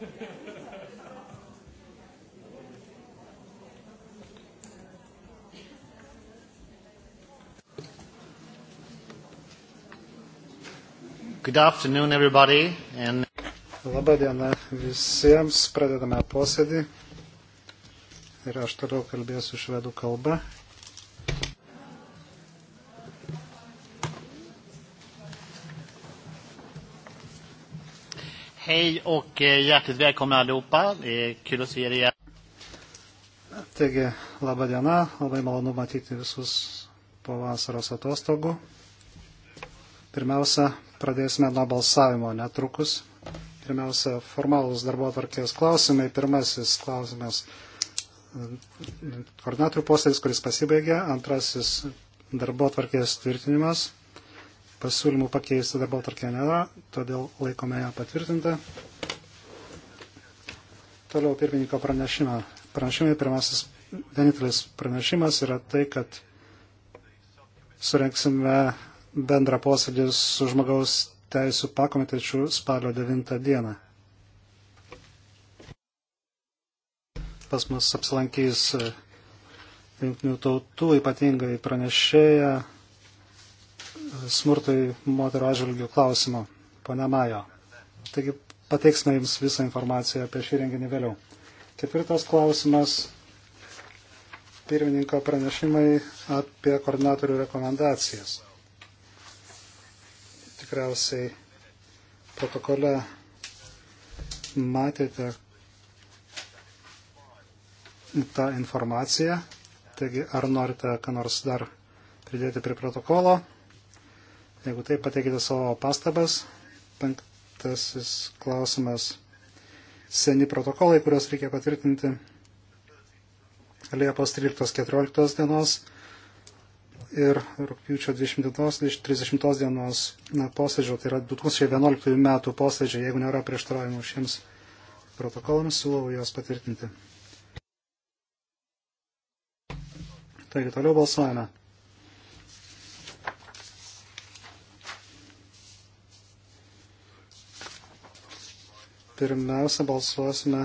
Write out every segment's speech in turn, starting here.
Good afternoon, everybody. And... Labą dieną visiems. Pradedame posėdį. Ir aš toliau kalbėsiu švedų kalbą, Hej och eh, hjärtligt välkomna allihopa. Det är kul att se er igen. Taigi, laba diena, labai malonu matyti visus po vasaros atostogų. Pirmiausia, pradėsime nuo balsavimo netrukus. Pirmiausia, formalus darbo atvarkės klausimai. Pirmasis klausimas koordinatorių posėdis, kuris pasibaigė. Antrasis darbo atvarkės tvirtinimas. Pasiūlymų pakeisti darbo tarkė nėra, todėl laikome ją patvirtintą. Toliau pirmininko pranešimą. Pranešimai pirmasis, vienintelis pranešimas yra tai, kad surenksime bendrą posėdį su žmogaus teisų pakomitečiu spalio 9 dieną. Pas mus apsilankys e, jungtinių tautų ypatingai pranešėja smurtai moterų atžvilgių klausimą, ponia Majo. Taigi pateiksime Jums visą informaciją apie šį renginį vėliau. Ketvirtas klausimas. Pirmininko pranešimai apie koordinatorių rekomendacijas. Tikriausiai protokole matėte tą informaciją. Taigi, ar norite ką nors dar pridėti prie protokolo? Jeigu taip, pateikite savo pastabas. Penktasis klausimas. Seni protokolai, kuriuos reikia patvirtinti Liepos 13-14 dienos ir rūpjūčio 20-30 dienos posėdžio, tai yra 2011 metų posėdžio, jeigu nėra prieštaravimų šiems protokolams, siūlau juos patvirtinti. Taigi, toliau balsuojame. Pirmiausia, balsuosime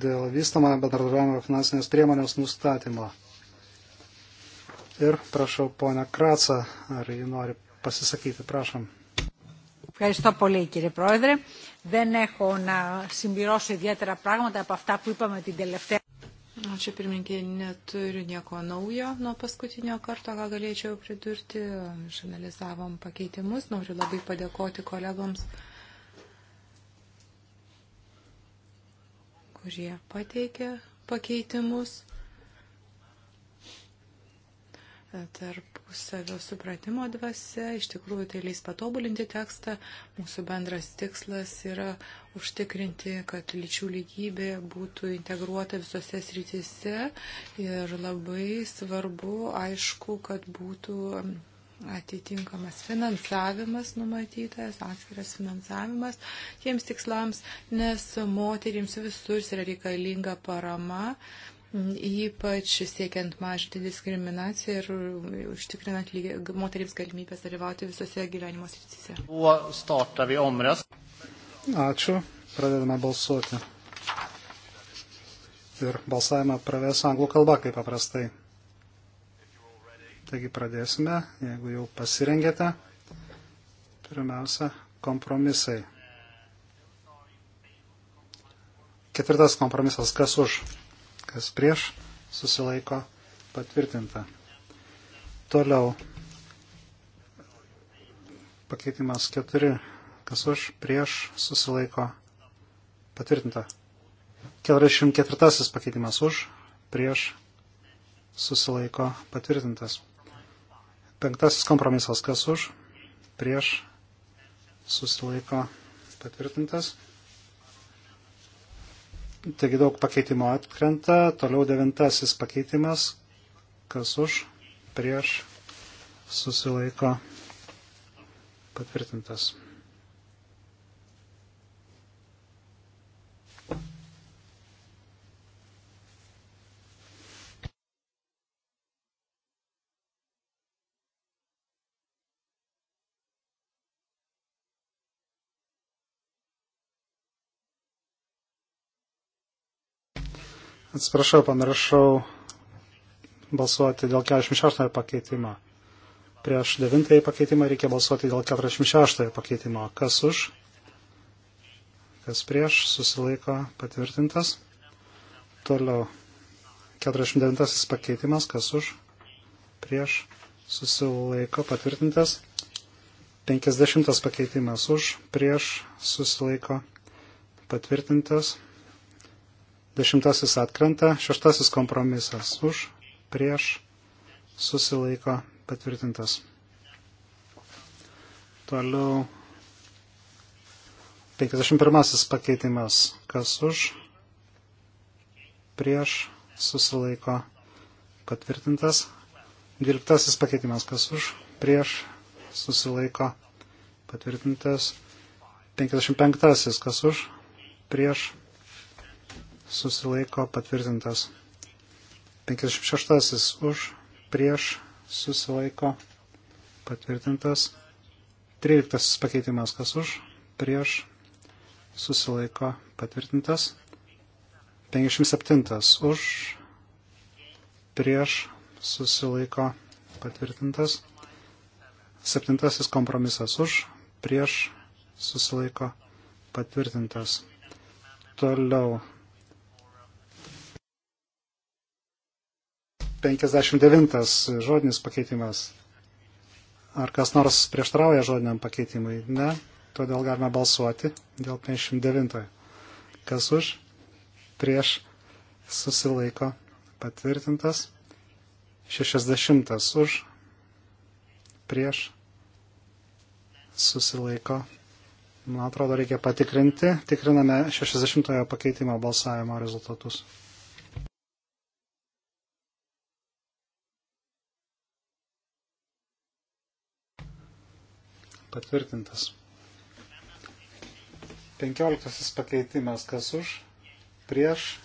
dėl vystamą bendradarbiavimo finansinės priemonės nustatymo. Ir prašau ponę Kratsą, ar ji nori pasisakyti, prašom. Ευχαριστώ πολύ κύριε Πρόεδρε. Δεν έχω να συμπληρώσω ιδιαίτερα πράγματα από αυτά που είπαμε την τελευταία. Ačiū pirmininkė, neturiu nieko naujo nuo paskutinio karto, ką galėčiau pridurti. Išanalizavom pakeitimus, noriu labai padėkoti kolegoms kurie pateikė pakeitimus tarpusavio supratimo dvasia, iš tikrųjų tai leis patobulinti tekstą. Mūsų bendras tikslas yra užtikrinti, kad lyčių lygybė būtų integruota visose srityse ir labai svarbu, aišku, kad būtų atitinkamas finansavimas numatytas, atskiras finansavimas tiems tikslams, nes moterims visur yra reikalinga parama, ypač siekiant mažinti diskriminaciją ir užtikrinant lygi, moterims galimybės dalyvauti visose gyvenimo srityse. Ačiū, pradedame balsuoti. Ir balsavimą praves anglų kalba, kaip paprastai. Taigi pradėsime, jeigu jau pasirengėte. Pirmiausia, kompromisai. Ketvirtas kompromisas, kas už, kas prieš, susilaiko patvirtinta. Toliau, pakeitimas keturi, kas už, prieš, susilaiko patvirtinta. 44 pakeitimas už, prieš, susilaiko patvirtintas. Penktasis kompromisas, kas už, prieš, susilaiko patvirtintas. Taigi daug pakeitimo atkrenta. Toliau devintasis pakeitimas, kas už, prieš, susilaiko patvirtintas. Atsiprašau, pamiršau balsuoti dėl 46 pakeitimo. Prieš 9 pakeitimą reikia balsuoti dėl 46 pakeitimo. Kas už? Kas prieš? Susilaiko patvirtintas. Toliau. 49 pakeitimas. Kas už? Prieš? Susilaiko patvirtintas. 50 pakeitimas už, prieš, susilaiko, patvirtintas. Dešimtasis atkrenta, šeštasis kompromisas už, prieš, susilaiko patvirtintas. Toliau 51 pakeitimas, kas už, prieš, susilaiko patvirtintas. 12 pakeitimas, kas už, prieš, susilaiko patvirtintas. 55 kas už, prieš, susilaiko patvirtintas. 56 už, prieš susilaiko patvirtintas. 13 pakeitimas kas už, prieš susilaiko patvirtintas. 57 už, prieš susilaiko patvirtintas. 7 kompromisas už, prieš susilaiko patvirtintas. Toliau 59 žodinis pakeitimas. Ar kas nors prieštrauja žodiniam pakeitimui? Ne. Todėl galime balsuoti dėl 59. Kas už? Prieš susilaiko patvirtintas. 60 už. Prieš susilaiko. Man atrodo, reikia patikrinti. Tikriname 60 pakeitimo balsavimo rezultatus. patvirtintas. 15 pakeitimas kas už, prieš,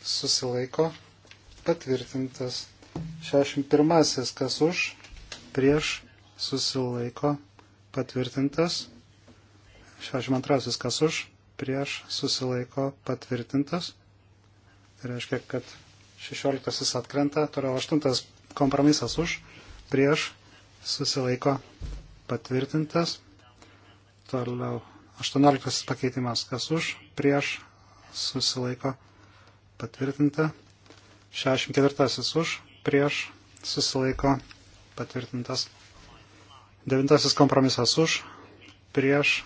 susilaiko, patvirtintas. 61 kas už, prieš, susilaiko, patvirtintas. 62 kas už, prieš, susilaiko, patvirtintas. Tai reiškia, kad 16 atkrenta, toliau 8 kompromisas už, prieš, susilaiko, patvirtintas. Toliau 18 pakeitimas, kas už, prieš, susilaiko, patvirtinta. 64 už, prieš, susilaiko, patvirtintas. 9 kompromisas už, prieš,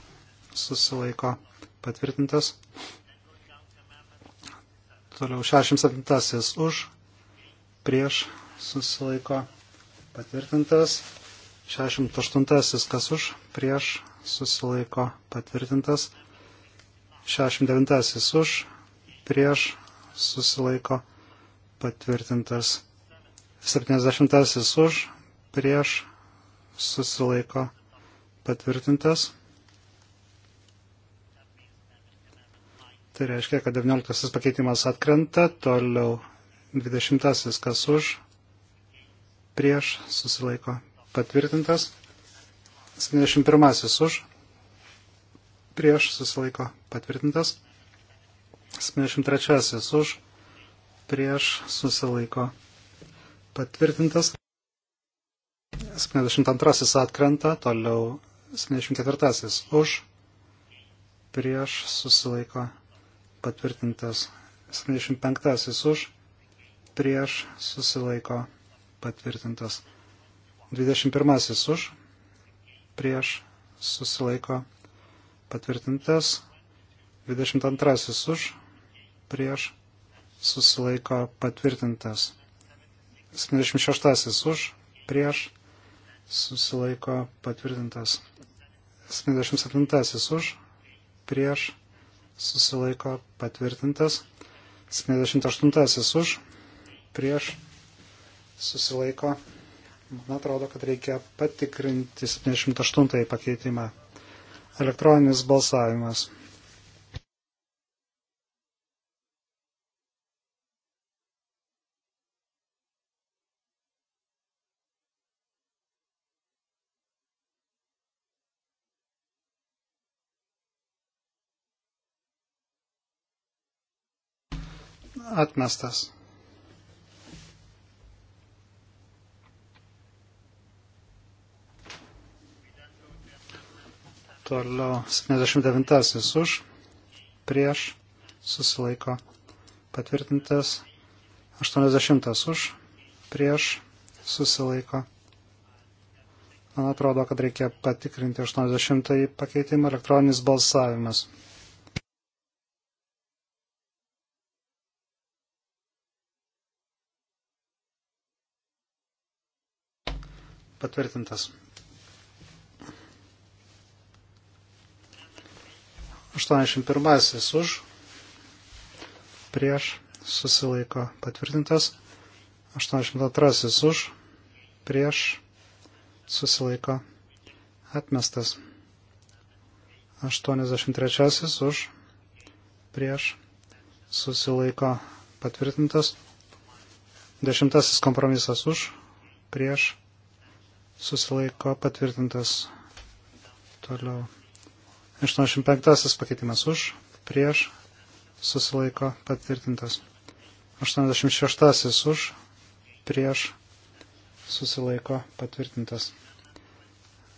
susilaiko, patvirtintas. Toliau 67 už, prieš, susilaiko, patvirtintas. 68 kas už, prieš, susilaiko patvirtintas. 69 už, prieš, susilaiko patvirtintas. 70 už, prieš, susilaiko patvirtintas. Tai reiškia, kad 19 pakeitimas atkrenta, toliau 20 kas už, prieš susilaiko patvirtintas. 71 už, prieš susilaiko patvirtintas. 73 už, prieš susilaiko patvirtintas. 72 atkrenta, toliau 74 už, prieš susilaiko patvirtintas. 75 už, prieš susilaiko patvirtintas. 21 už, prieš susilaiko patvirtintas, 22 už, prieš susilaiko patvirtintas, 76 už, prieš susilaiko patvirtintas, 77 už, prieš susilaiko patvirtintas, 78 už, prieš susilaiko patvirtintas Man atrodo, kad reikia patikrinti 78 pakeitimą. Elektroninis balsavimas. Atmestas. Toliau 79-asis už, prieš, susilaiko patvirtintas. 80-as už, prieš, susilaiko. Man atrodo, kad reikia patikrinti 80-ąjį pakeitimą elektroninis balsavimas. Patvirtintas. 81 už, prieš, susilaiko patvirtintas, 82 už, prieš, susilaiko atmestas, 83 už, prieš, susilaiko patvirtintas, 10 kompromisas už, prieš, susilaiko patvirtintas toliau. 85 pakeitimas už, prieš, susilaiko patvirtintas. 86 už, prieš, susilaiko patvirtintas.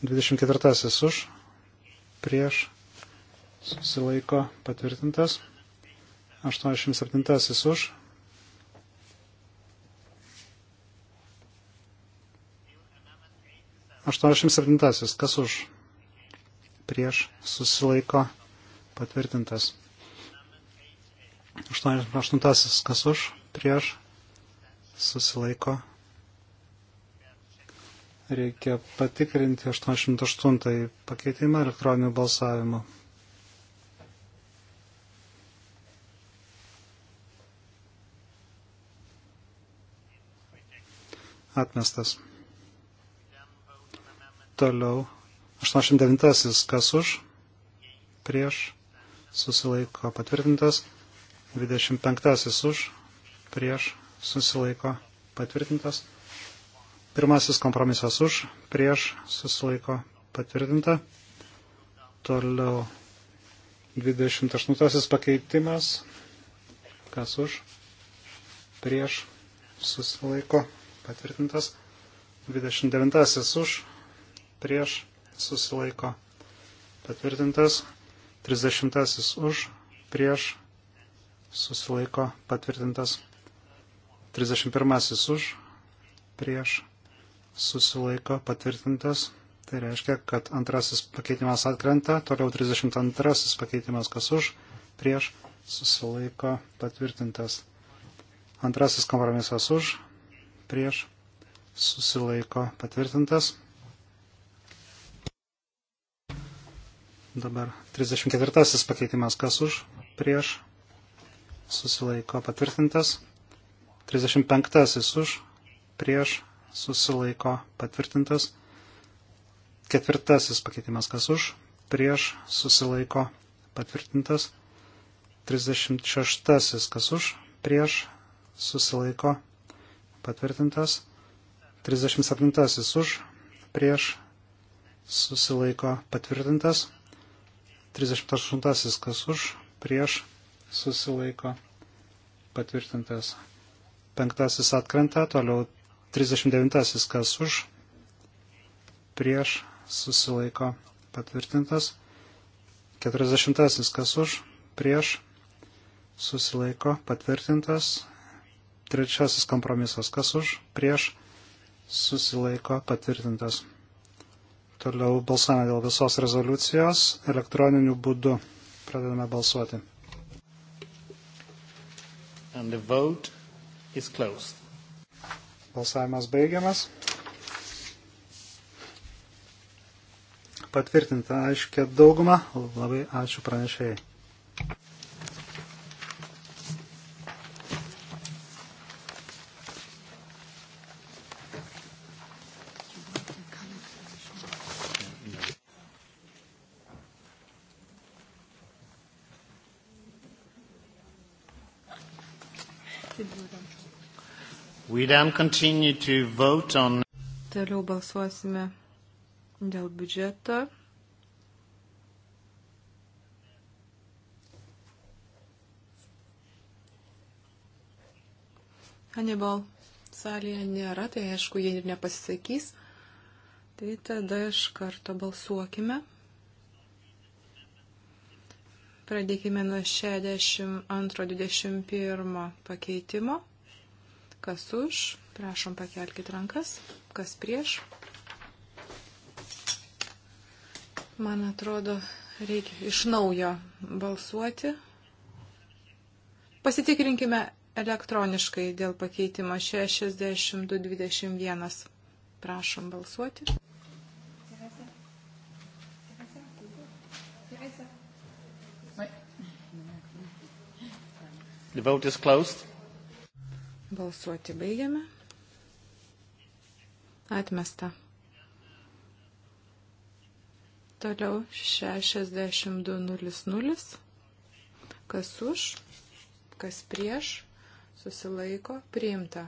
24 už, prieš, susilaiko patvirtintas. 87 už, Aštuoniasdešimt septintasis, kas už? prieš susilaiko patvirtintas. 88 kas už prieš susilaiko. Reikia patikrinti 88 pakeitimą elektroniniu balsavimu. Atmestas. Toliau 89. Kas už? Prieš. Susilaiko patvirtintas. 25. Už. Prieš. Susilaiko patvirtintas. Pirmasis kompromisas už. Prieš. Susilaiko patvirtinta. Toliau 28 pakeitimas. Kas už? Prieš. Susilaiko. Patvirtintas. 29 už. Prieš susilaiko patvirtintas, 30 už, prieš susilaiko patvirtintas, 31 už, prieš susilaiko patvirtintas. Tai reiškia, kad antrasis pakeitimas atkrenta, toliau 32 pakeitimas kas už, prieš susilaiko patvirtintas. Antrasis kompromisas už, prieš susilaiko patvirtintas. Dabar 34 pakeitimas kas už, prieš, susilaiko patvirtintas. 35 už, prieš, susilaiko patvirtintas. Ketvirtasis pakeitimas kas už, prieš, susilaiko patvirtintas. 36 kas už, prieš, susilaiko patvirtintas. 37 už, prieš, susilaiko patvirtintas. 38. Kas už, prieš, susilaiko, patvirtintas. Penktasis atkrenta, toliau 39. Kas už, prieš, susilaiko, patvirtintas. 40. Kas už, prieš, susilaiko, patvirtintas. Trečiasis kompromisas. Kas už, prieš, susilaiko, patvirtintas. Toliau balsuojame dėl visos rezoliucijos elektroniniu būdu. Pradedame balsuoti. Balsavimas baigiamas. Patvirtinta aiškia dauguma. Labai ačiū pranešėjai. We then continue to vote on. Toliau balsuosime dėl biudžeto. Hannibal salėje nėra, tai aišku, jie ir nepasisakys. Tai tada iš karto balsuokime. Pradėkime nuo 62-21 pakeitimo. Kas už? Prašom pakelkite rankas. Kas prieš? Man atrodo, reikia iš naujo balsuoti. Pasitikrinkime elektroniškai dėl pakeitimo 6221. Prašom balsuoti. The vote is closed. Balsuoti baigiame. Atmesta. Toliau 62.00. Kas už, kas prieš, susilaiko, priimta.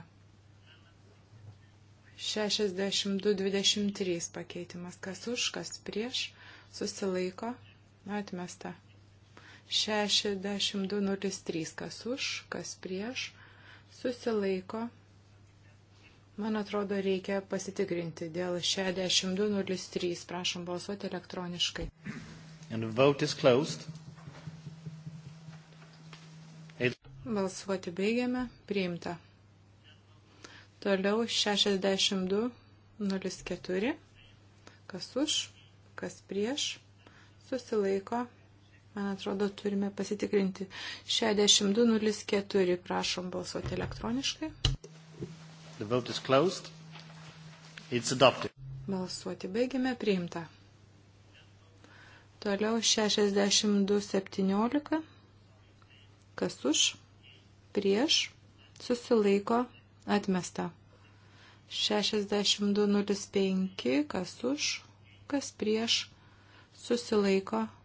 62.23 pakeitimas. Kas už, kas prieš, susilaiko, atmesta. 62.03. Kas už, kas prieš, susilaiko. Man atrodo, reikia pasitikrinti dėl 6203. Prašom balsuoti elektroniškai. And the vote is closed. It... Balsuoti baigiame. Priimta. Toliau 6204. Kas už, kas prieš, susilaiko Man atrodo, turime pasitikrinti. 6204, prašom balsuoti elektroniškai. The vote is closed. It's adopted. Balsuoti baigime, priimta. Toliau 6217. Kas už? Prieš? Susilaiko? Atmesta. 6205. Kas už? Kas prieš? Susilaiko? Atmesta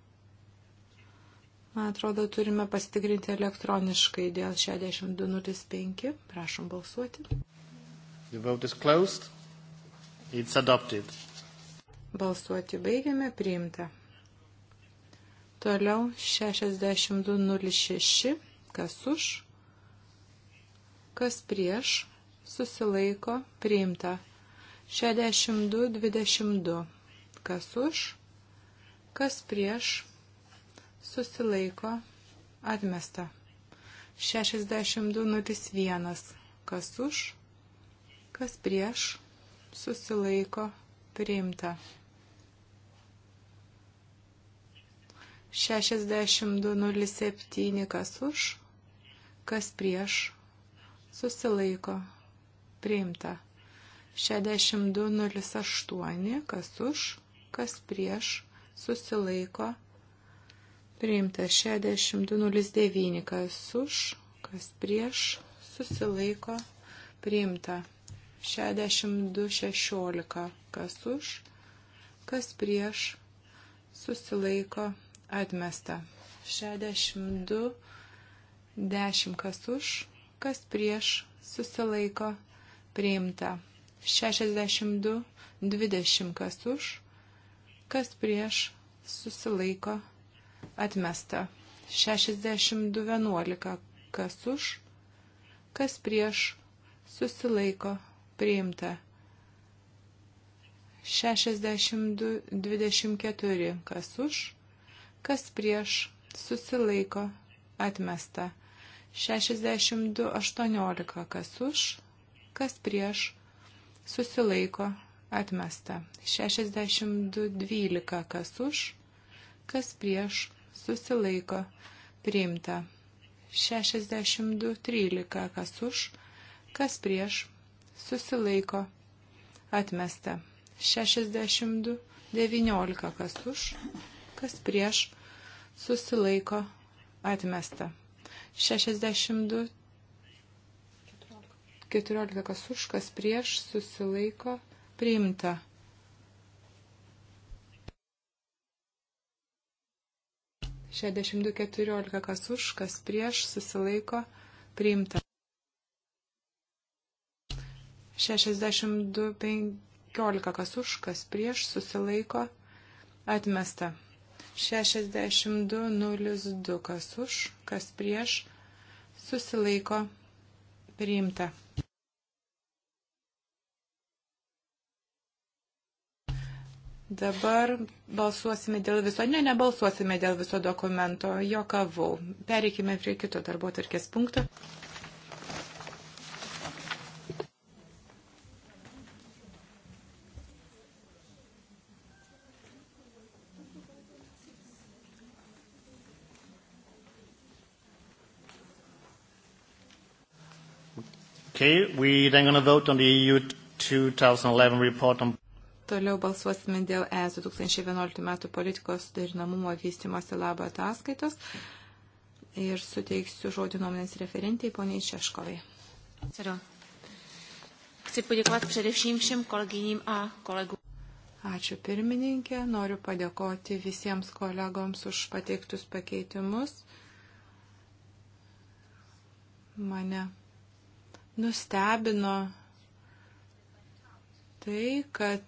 Man atrodo, turime pasitikrinti elektroniškai dėl 6205. Prašom balsuoti. The vote is closed. It's adopted. Balsuoti baigiame, priimta. Toliau 6206. Kas už? Kas prieš? Susilaiko, priimta. 6222. Kas už? Kas prieš? susilaiko, atmesta. 6201, kas už, kas prieš, susilaiko, priimta. 6207, kas už, kas prieš, susilaiko, priimta. 6208, kas už, kas prieš, susilaiko, priimta Priimta 6209, kas už, kas prieš, susilaiko, priimta 6216, kas už, kas prieš, susilaiko, atmesta 6210, kas už, kas prieš, susilaiko, priimta 6220, kas už, kas prieš, susilaiko, atmesta Atmesta. 62.11. Kas už, kas prieš, susilaiko, priimta. 62.24. Kas už, kas prieš, susilaiko, atmesta. 62.18. Kas už, kas prieš, susilaiko, atmesta. 62.12. Kas už, kas prieš, susilaiko, priimta. 62.13. Kas už, kas prieš, susilaiko, atmesta. 62.19. Kas už, kas prieš, susilaiko, atmesta. 62. 14 kas už, kas prieš, susilaiko, priimta. 62.14 kas už, kas prieš, susilaiko, priimta. 62.15 kas už, kas prieš, susilaiko, atmesta. 62.02 kas už, kas prieš, susilaiko, priimta. Dabar balsuosime dėl viso, ne, nebalsuosime dėl viso dokumento, jokavau. Pereikime prie kito darbo tarkės punkto. Okay, we then going to vote on the EU 2011 report on Toliau balsuosime dėl ES 2011 metų politikos darinamumo vystimosi labo ataskaitos ir suteiksiu žodį nuomonės referentiai poniai Šeškovai. Ačiū pirmininkė, noriu padėkoti visiems kolegoms už pateiktus pakeitimus. Mane nustebino tai, kad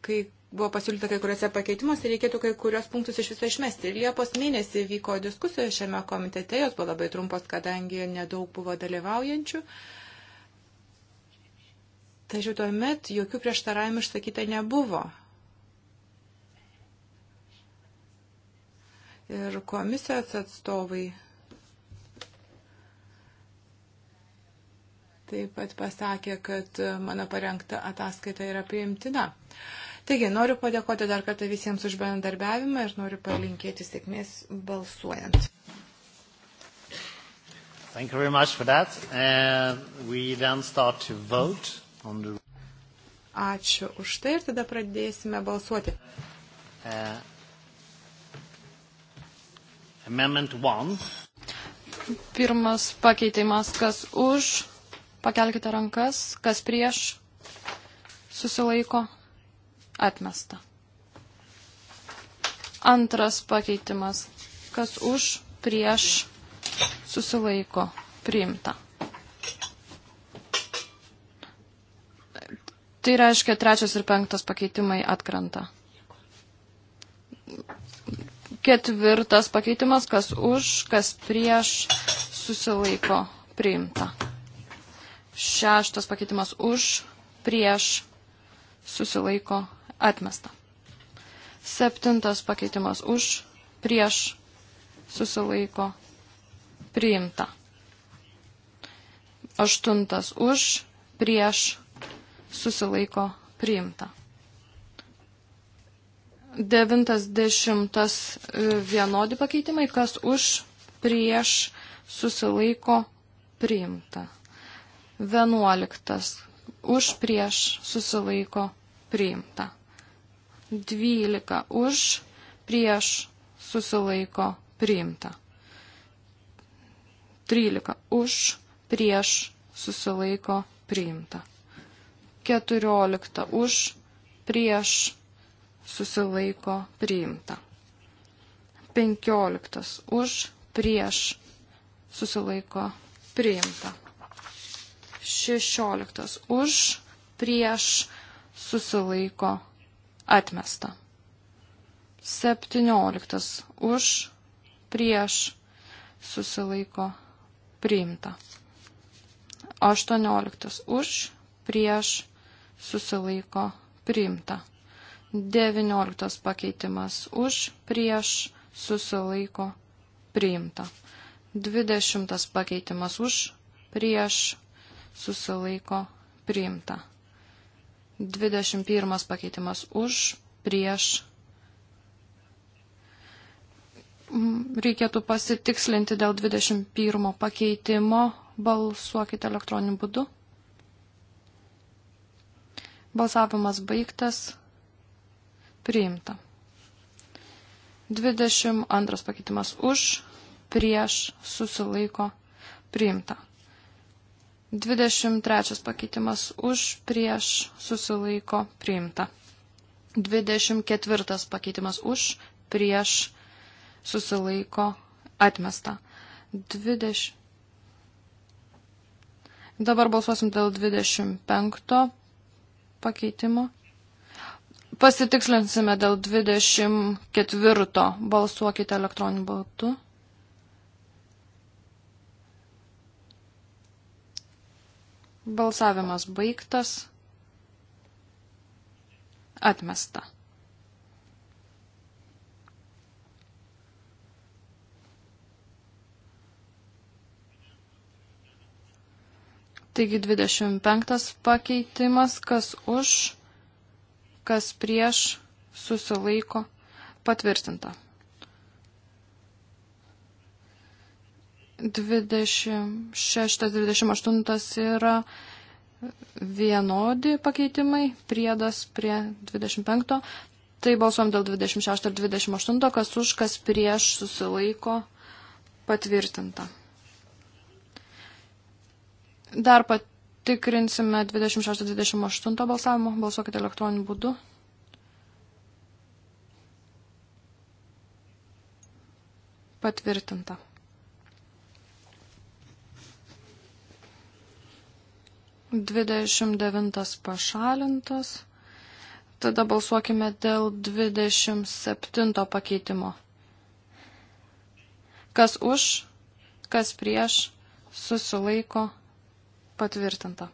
kai buvo pasiūlyta kai kuriuose pakeitimuose, reikėtų kai kurios punktus iš viso išmesti. Liepos mėnesį vyko diskusija šiame komitete, jos buvo labai trumpos, kadangi nedaug buvo dalyvaujančių. Tačiau tuomet jokių prieštaravimų išsakyta nebuvo. Ir komisijos atstovai taip pat pasakė, kad mano parengta ataskaita yra priimtina. Taigi, noriu padėkoti dar kartą visiems už bendarbiavimą ir noriu palinkėti sėkmės balsuojant. Thank you very much for that. Uh, we then start to vote on the... Ačiū už tai ir tada pradėsime balsuoti. Uh, amendment 1. Pirmas pakeitimas, kas už, Pakelkite rankas, kas prieš susilaiko atmesta. Antras pakeitimas, kas už prieš susilaiko priimta. Tai reiškia, trečias ir penktas pakeitimai atkrenta. Ketvirtas pakeitimas, kas už, kas prieš susilaiko priimta. Šeštas pakeitimas už, prieš, susilaiko, atmesta. Septintas pakeitimas už, prieš, susilaiko, priimta. Aštuntas už, prieš, susilaiko, priimta. Devintas, dešimtas e, vienodi pakeitimai, kas už, prieš, susilaiko, priimta. 11. Už prieš susilaiko priimta. 12. Už prieš susilaiko priimta. 13. Už prieš susilaiko priimta. 14. Už prieš susilaiko priimta. 15. Už prieš susilaiko priimta. 16 už, prieš, susilaiko, atmesta. 17 už, prieš, susilaiko, priimta. 18 už, prieš, susilaiko, priimta. 19 pakeitimas už, prieš, susilaiko, priimta. 20 pakeitimas už, prieš, susilaiko priimta. 21 pakeitimas už, prieš. Mm, reikėtų pasitikslinti dėl 21 pakeitimo. Balsuokite elektroniniu būdu. Balsavimas baigtas. Priimta. 22 pakeitimas už, prieš, susilaiko, priimta. 23 pakeitimas už prieš susilaiko priimta. 24 pakeitimas už prieš susilaiko atmesta. 20. Dabar balsuosim dėl 25 pakeitimo. Pasitikslinsime dėl 24. Balsuokite elektroniniu baltu. Balsavimas baigtas. Atmesta. Taigi 25 pakeitimas, kas už, kas prieš, susilaiko, patvirtinta. 26-28 yra vienodi pakeitimai, priedas prie 25. Tai balsuom dėl 26 ir 28, kas už, kas prieš susilaiko patvirtinta. Dar patikrinsime 26-28 balsavimo. Balsuokite elektroniniu būdu. Patvirtinta. 29 pašalintas. Tada balsuokime dėl 27 pakeitimo. Kas už, kas prieš, susilaiko patvirtinta.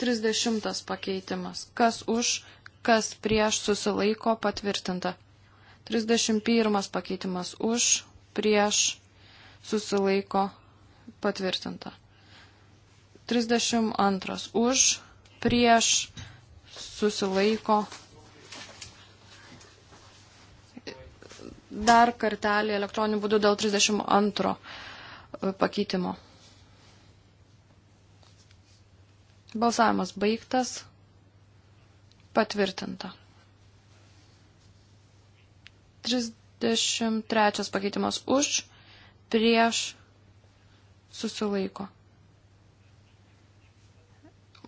30 pakeitimas. Kas už, kas prieš, susilaiko patvirtinta. 31 pakeitimas už, prieš, susilaiko patvirtinta. 32 už, prieš, susilaiko. Dar kartelį elektroniniu būdu dėl 32 e, pakeitimo. Balsavimas baigtas. Patvirtinta. 33 pakeitimas už, prieš, susilaiko.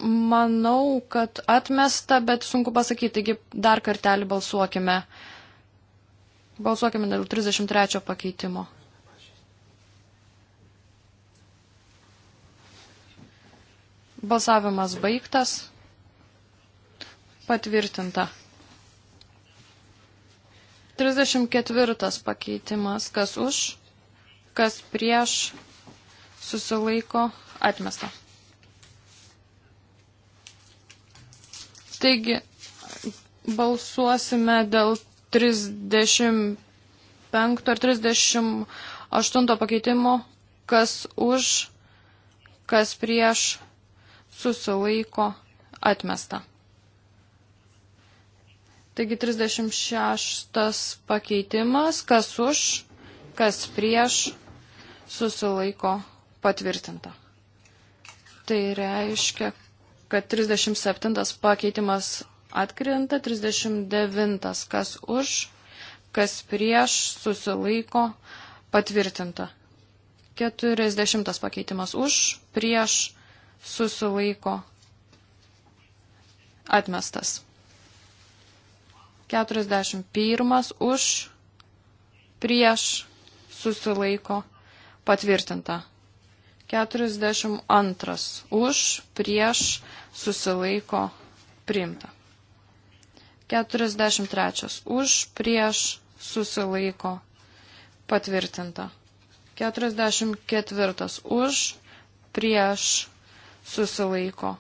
Manau, kad atmesta, bet sunku pasakyti. Taigi dar kartelį balsuokime. Balsuokime dėl 33 pakeitimo. Balsavimas baigtas. Patvirtinta. 34 pakeitimas. Kas už, kas prieš, susilaiko atmesta. Taigi balsuosime dėl 35 ar 38 pakeitimo, kas už, kas prieš susilaiko atmesta. Taigi 36 pakeitimas, kas už, kas prieš susilaiko atmesta patvirtinta. Tai reiškia, kad 37 pakeitimas atkrinta, 39 kas už, kas prieš susilaiko patvirtinta. 40 pakeitimas už, prieš susilaiko atmestas. 41 už, prieš susilaiko patvirtinta. 42 už, prieš, susilaiko, priimta. 43 už, prieš, susilaiko, patvirtinta. 44 už, prieš, susilaiko,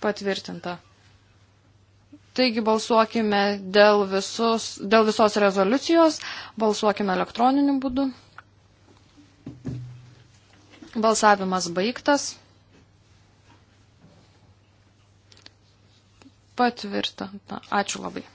patvirtinta. Taigi balsuokime dėl, visus, dėl visos rezoliucijos, balsuokime elektroniniu būdu. Balsavimas baigtas. Patvirtinta. Ačiū labai.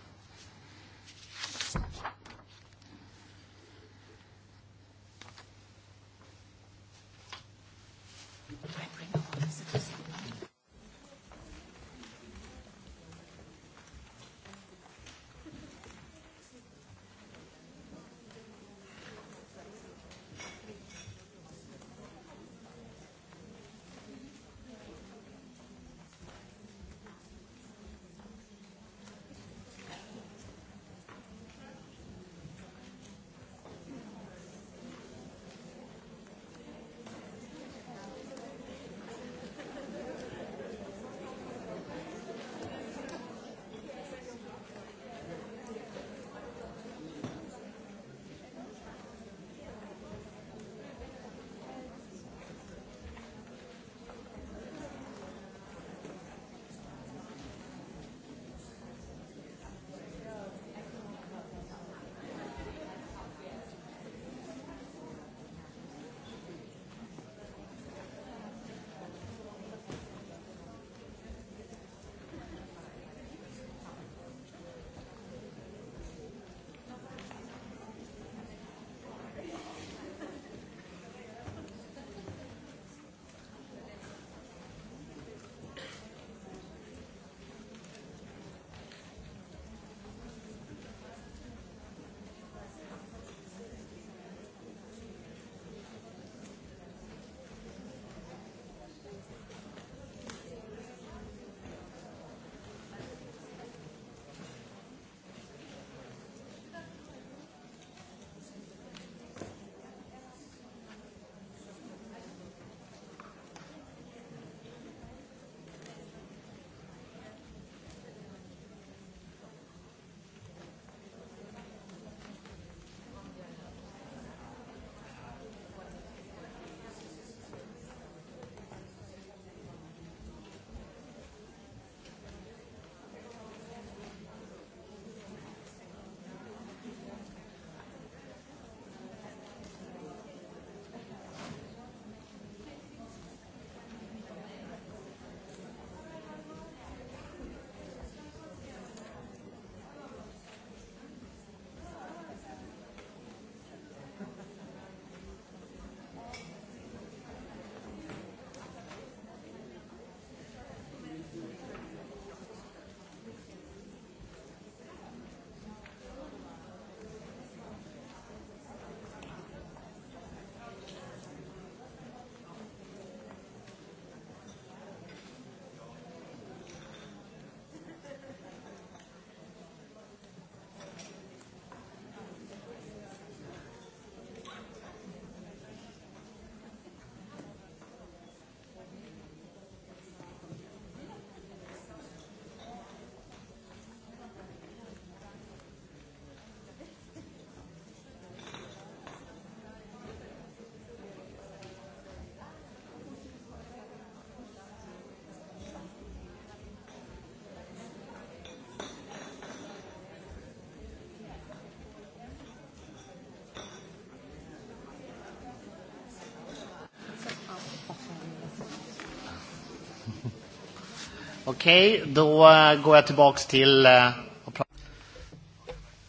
Okej, okay, då eh, går jag tillbaks till... Eh,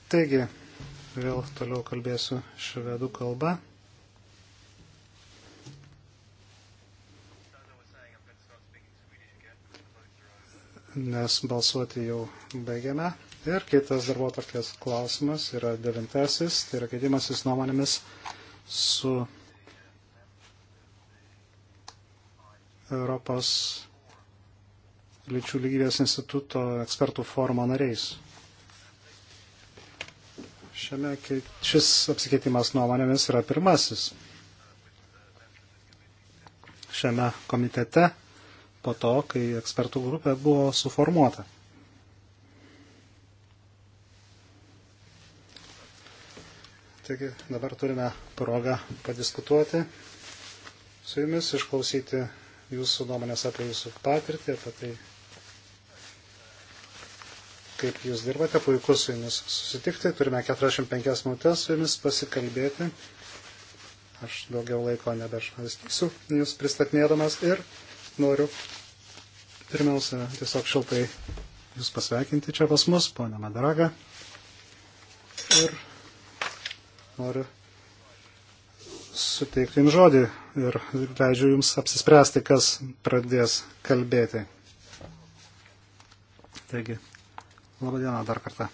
Taigi, vėl toliau kalbėsiu švedų kalbą. Nes balsuoti jau baigiame. Ir kitas darbo tarkės klausimas yra devintasis, tai yra keitimasis nuomonėmis su Europos lyčių lygybės instituto ekspertų forumo nariais. Šiame, šis apsikeitimas nuomonėmis yra pirmasis šiame komitete po to, kai ekspertų grupė buvo suformuota. Taigi dabar turime progą padiskutuoti su jumis, išklausyti jūsų nuomonės apie jūsų patirtį, apie tai, kaip jūs dirbate, puiku su jumis susitikti. Turime 45 minutės su jumis pasikalbėti. Aš daugiau laiko nebešvaistysiu jūs pristatinėdamas ir noriu pirmiausia tiesiog šiltai jūs pasveikinti čia pas mus, ponia Madaraga. Ir noriu suteikti jums žodį ir leidžiu jums apsispręsti, kas pradės kalbėti. Taigi, Labadiena dar kartą.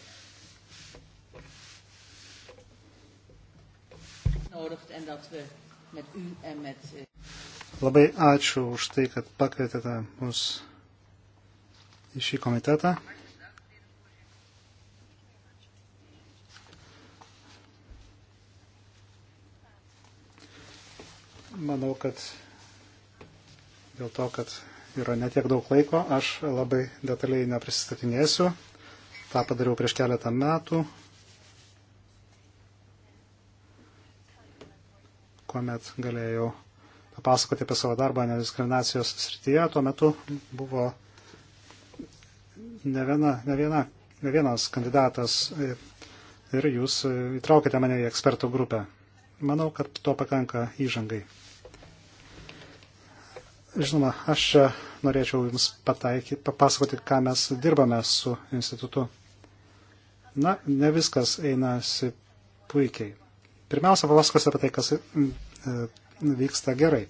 Labai ačiū už tai, kad pakvietėte mus į šį komitetą. Manau, kad dėl to, kad yra netiek daug laiko, aš labai detaliai neprisistatinėsiu tą padariau prieš keletą metų, kuomet galėjau papasakoti apie savo darbą nediskriminacijos srityje. Tuo metu buvo ne, viena, ne, viena, ne vienas kandidatas ir jūs įtraukite mane į ekspertų grupę. Manau, kad to pakanka įžangai. Žinoma, aš norėčiau Jums pataiky, papasakoti, ką mes dirbame su institutu. Na, ne viskas einasi puikiai. Pirmiausia, papasakosiu apie tai, kas e, vyksta gerai.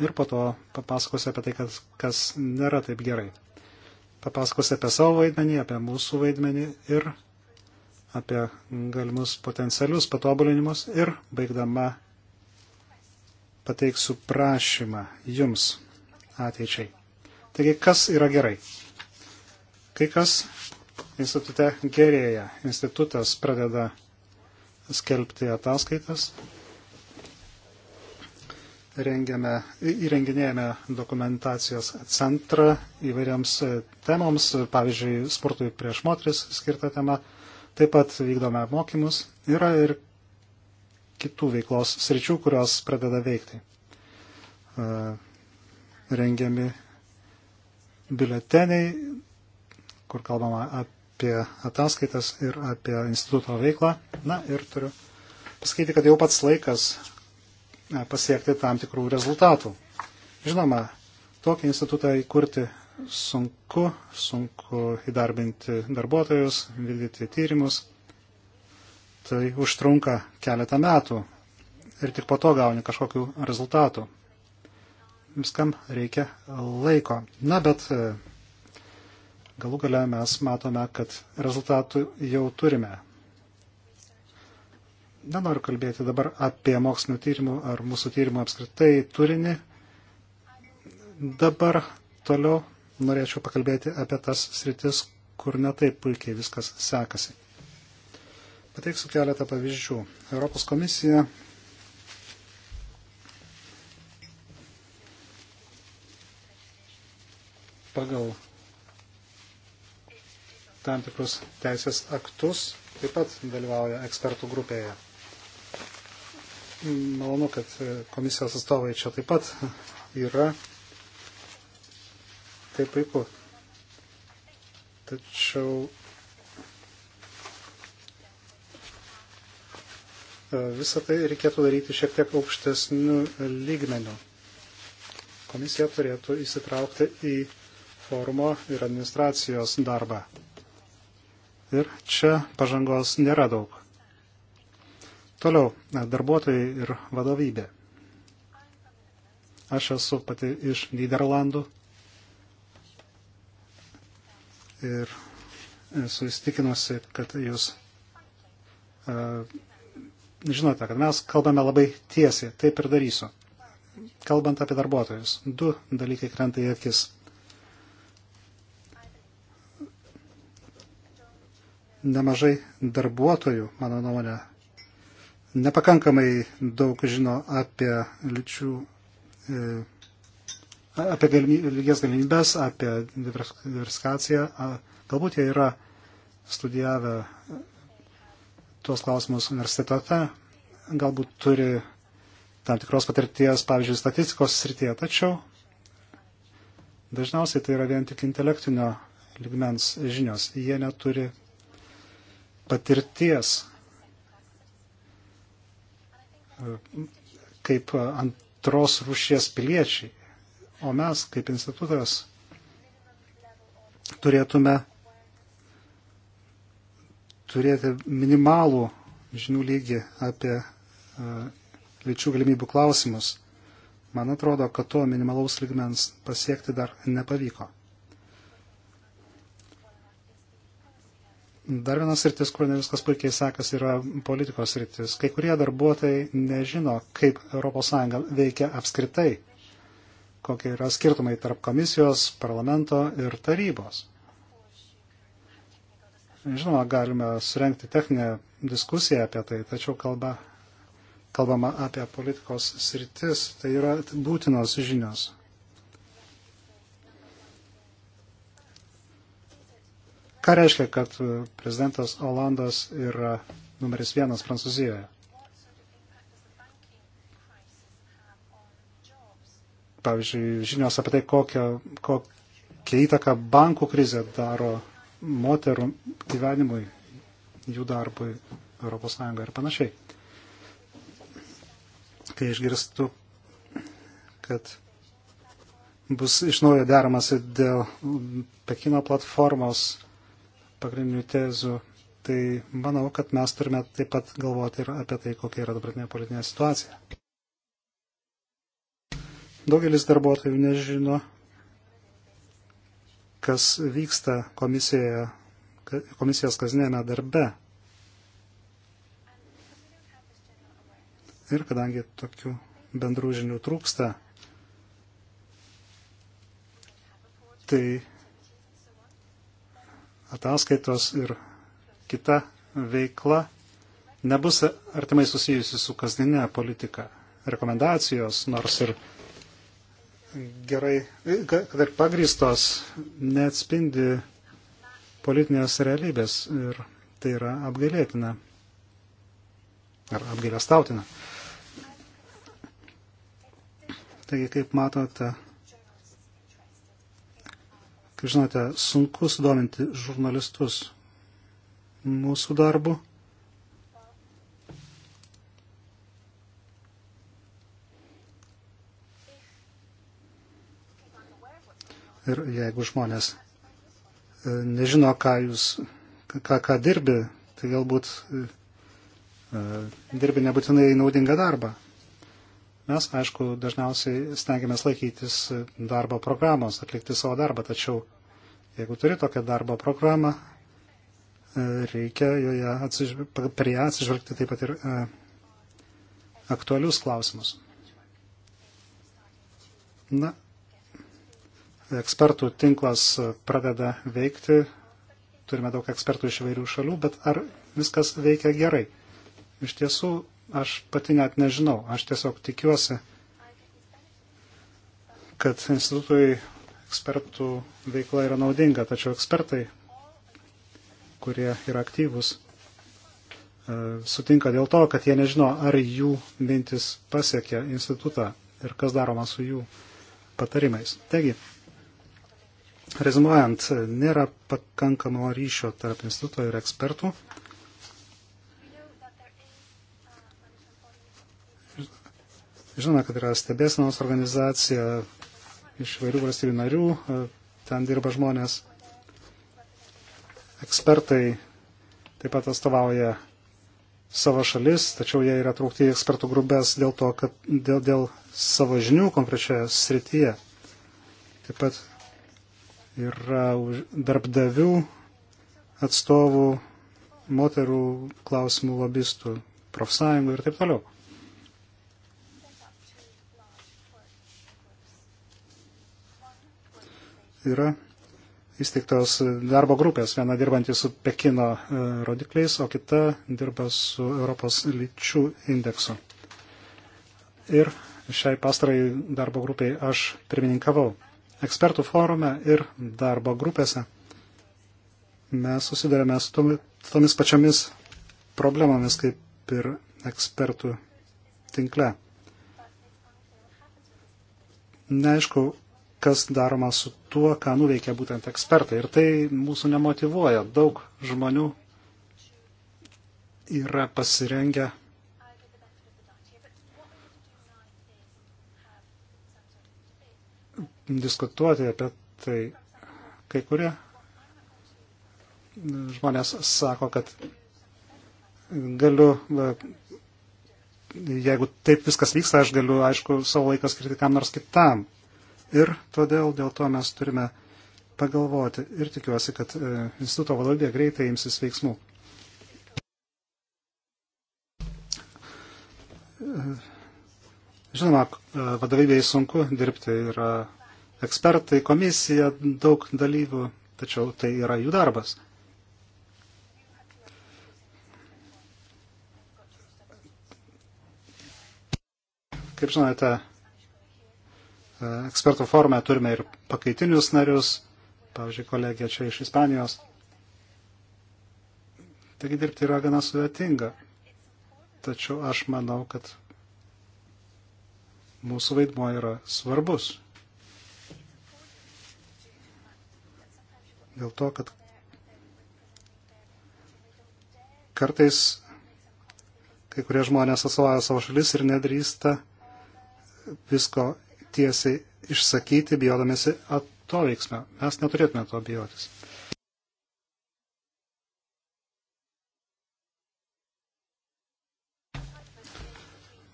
Ir po to papasakosiu apie tai, kas, kas nėra taip gerai. Papasakosiu apie savo vaidmenį, apie mūsų vaidmenį ir apie galimus potencialius patobulinimus ir baigdama pateiksiu prašymą jums ateičiai. Taigi, kas yra gerai? Kai kas institute gerėja. Institutas pradeda skelbti ataskaitas. Rengiame, įrenginėjame dokumentacijos centrą įvairiams e, temoms, pavyzdžiui, sportui prieš moteris skirtą temą. Taip pat vykdome mokymus. Yra ir kitų veiklos sričių, kurios pradeda veikti. E, rengiami biuleteniai kur kalbama apie ataskaitas ir apie instituto veiklą. Na ir turiu pasakyti, kad jau pats laikas e, pasiekti tam tikrų rezultatų. Žinoma, tokį institutą įkurti sunku, sunku įdarbinti darbuotojus, vykdyti tyrimus. Tai užtrunka keletą metų ir tik po to gauni kažkokių rezultatų. Viskam reikia laiko. Na, bet e, galų gale mes matome, kad rezultatų jau turime. Nenoriu kalbėti dabar apie mokslinių tyrimų ar mūsų tyrimų apskritai turinį. Dabar toliau norėčiau pakalbėti apie tas sritis, kur netaip puikiai viskas sekasi. Pateiksiu keletą pavyzdžių. Europos komisija pagal tam tikrus teisės aktus, taip pat dalyvauja ekspertų grupėje. Malonu, kad komisijos atstovai čia taip pat yra. Taip puiku. Tačiau e, visą tai reikėtų daryti šiek tiek aukštesnių lygmenių. Komisija turėtų įsitraukti į forumo ir administracijos darbą. Ir čia pažangos nėra daug. Toliau, darbuotojai ir vadovybė. Aš esu pati iš Niderlandų ir esu įstikinusi, kad jūs uh, žinote, kad mes kalbame labai tiesiai, taip ir darysiu. Kalbant apie darbuotojus, du dalykai krenta į akis. nemažai darbuotojų, mano nuomonė, nepakankamai daug žino apie lyčių, e, apie lygias galimybės, apie diversifikaciją. Galbūt jie yra studijavę tuos klausimus universitete, galbūt turi tam tikros patirties, pavyzdžiui, statistikos srityje, tačiau dažniausiai tai yra vien tik intelektinio ligmens žinios. Jie neturi patirties kaip antros rušies piliečiai. O mes, kaip institutas, turėtume turėti minimalų žinių lygį apie e, lyčių galimybių klausimus. Man atrodo, kad to minimalaus lygmens pasiekti dar nepavyko. Dar vienas rytis, kur ne viskas puikiai sekas, yra politikos rytis. Kai kurie darbuotojai nežino, kaip ES veikia apskritai, kokie yra skirtumai tarp komisijos, parlamento ir tarybos. Žinoma, galime surenkti techninę diskusiją apie tai, tačiau kalba, kalbama apie politikos sritis, tai yra būtinos žinios. Ką reiškia, kad e, prezidentas Olandas yra numeris vienas Prancūzijoje? Pavyzdžiui, žinios apie tai, kokią, kokią įtaką bankų krizė daro moterų gyvenimui, jų darbui ES ir panašiai. Kai išgirstu, kad bus iš naujo deramasi dėl Pekino platformos pagrindinių tezų, tai manau, kad mes turime taip pat galvoti ir apie tai, kokia yra dabartinė politinė situacija. Daugelis darbuotojų nežino, kas vyksta komisijoje, komisijos kasdienėme darbe. Ir kadangi tokių bendrų žinių trūksta, tai ataskaitos ir kita veikla nebus artimai susijusi su kasdienė politika. Rekomendacijos, nors ir gerai, kad ir pagristos, neatspindi politinės realybės ir tai yra apgailėtina ar apgailestautina. Taigi, kaip matote, Kaip žinote, sunku sudominti žurnalistus mūsų darbu. Ir jeigu žmonės e, nežino, ką jūs, ką, ką dirbi, tai galbūt e, e, dirbi nebūtinai naudingą darbą. Mes, aišku, dažniausiai stengiamės laikytis darbo programos, atlikti savo darbą, tačiau jeigu turi tokią darbo programą, e, reikia joje atsižv... prie atsižvelgti taip pat ir e, aktualius klausimus. Na, ekspertų tinklas pradeda veikti, turime daug ekspertų iš įvairių šalių, bet ar viskas veikia gerai? Iš tiesų, Aš pati net nežinau, aš tiesiog tikiuosi, kad institutui ekspertų veikla yra naudinga, tačiau ekspertai, kurie yra aktyvus, e, sutinka dėl to, kad jie nežino, ar jų mintis pasiekia institutą ir kas daroma su jų patarimais. Taigi, rezumuojant, nėra pakankamo ryšio tarp instituto ir ekspertų. Žinome, kad yra stebėsenos organizacija iš vairių valstybių narių, e, ten dirba žmonės, ekspertai taip pat atstovauja savo šalis, tačiau jie yra traukti į ekspertų grubės dėl to, kad dėl, dėl savo žinių konkrečioje srityje. Taip pat yra darbdavių atstovų, moterų klausimų lobistų, profsąjungų ir taip toliau. yra įsteigtos darbo grupės, viena dirbanti su Pekino e, rodikliais, o kita dirba su Europos lyčių indeksu. Ir šiai pastarai darbo grupiai aš pirmininkavau. Ekspertų forume ir darbo grupėse mes susidarėme su tomis pačiomis problemomis kaip ir ekspertų tinkle. Neaišku, kas daroma su tuo, ką nuveikia būtent ekspertai. Ir tai mūsų nemotivuoja. Daug žmonių yra pasirengę diskutuoti apie tai. Kai kurie žmonės sako, kad galiu, jeigu taip viskas vyksta, aš galiu, aišku, savo laiką skirti kam nors kitam. Ir todėl dėl to mes turime pagalvoti ir tikiuosi, kad e, instituto vadovybė greitai imsis veiksmų. E, žinoma, e, vadovybėje sunku dirbti, yra ekspertai, komisija, daug dalyvių, tačiau tai yra jų darbas. Kaip žinote, ekspertų forume turime ir pakaitinius narius, pavyzdžiui, kolegė čia iš Ispanijos. Taigi dirbti yra gana sudėtinga. Tačiau aš manau, kad mūsų vaidmuo yra svarbus. Dėl to, kad kartais kai kurie žmonės atsovauja savo šalis ir nedrįsta visko tiesiai išsakyti, bijodamėsi to veiksmio. Mes neturėtume to bijotis.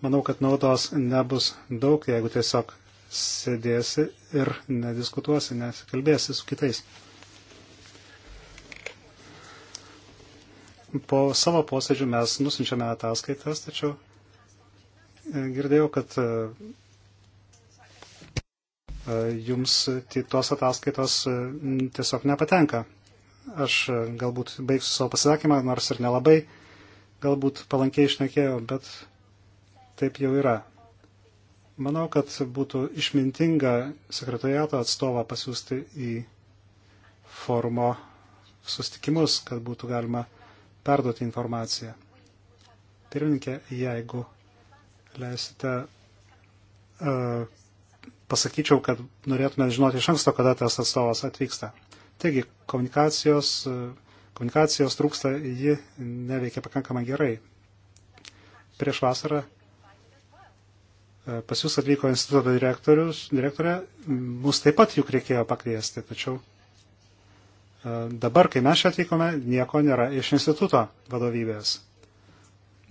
Manau, kad naudos nebus daug, jeigu tiesiog sėdėsi ir nediskutuosi, nesikalbėsi su kitais. Po savo posėdžių mes nusinčiame ataskaitas, tačiau e, girdėjau, kad e, jums tai tos ataskaitos tiesiog nepatenka. Aš galbūt baigsiu savo pasisakymą, nors ir nelabai, galbūt palankiai išnekėjau, bet taip jau yra. Manau, kad būtų išmintinga sekretoriato atstovą pasiūsti į forumo sustikimus, kad būtų galima perduoti informaciją. Pirmininkė, jeigu leisite uh, pasakyčiau, kad norėtume žinoti iš anksto, kada tas atstovas atvyksta. Taigi, komunikacijos, komunikacijos trūksta, ji neveikia pakankamai gerai. Prieš vasarą e, pas jūs atvyko instituto direktorius, direktorė, mus taip pat juk reikėjo pakviesti, tačiau e, dabar, kai mes čia atvykome, nieko nėra iš instituto vadovybės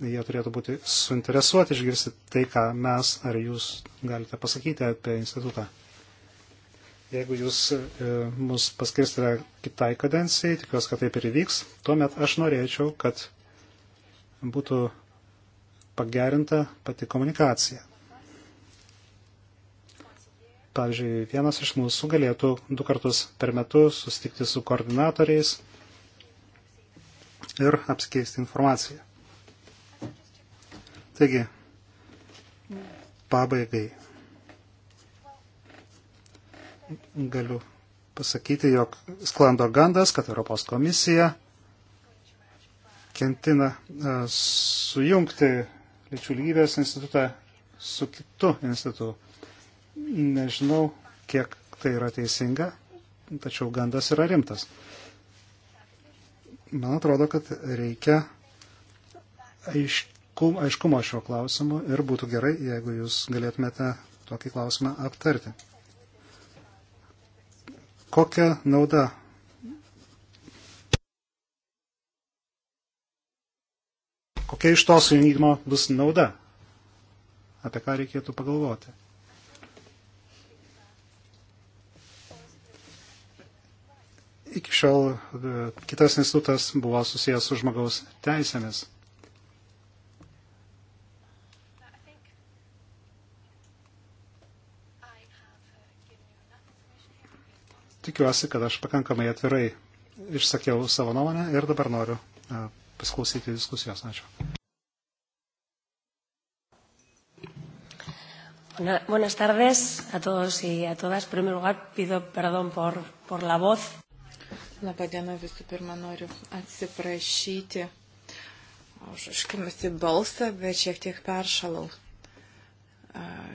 jie turėtų būti suinteresuoti išgirsti tai, ką mes ar jūs galite pasakyti apie institutą. Jeigu jūs e, mus paskirstite kitai kadencijai, tikiuosi, kad taip ir įvyks, tuomet aš norėčiau, kad būtų pagerinta pati komunikacija. Pavyzdžiui, vienas iš mūsų galėtų du kartus per metus susitikti su koordinatoriais ir apsikeisti informaciją. Taigi, pabaigai galiu pasakyti, jog sklando gandas, kad Europos komisija kentina e, sujungti lyčių lygybės institutą su kitu institutu. Nežinau, kiek tai yra teisinga, tačiau gandas yra rimtas. Man atrodo, kad reikia aiškiai aiškumo šio klausimu ir būtų gerai, jeigu jūs galėtumėte tokį klausimą aptarti. Kokia nauda? Kokia iš to sujungimo bus nauda? Apie ką reikėtų pagalvoti? Iki šiol e, kitas institutas buvo susijęs su žmogaus teisėmis tikiuosi, kad aš pakankamai atvirai išsakiau savo nuomonę ir dabar noriu e, pasiklausyti diskusijos. Ačiū. Buenas tardes a todos y a todas. En primer lugar, pido perdón por, por la voz. Labadiena, visų pirma, noriu atsiprašyti už iškimusi balsą, bet šiek tiek peršalau.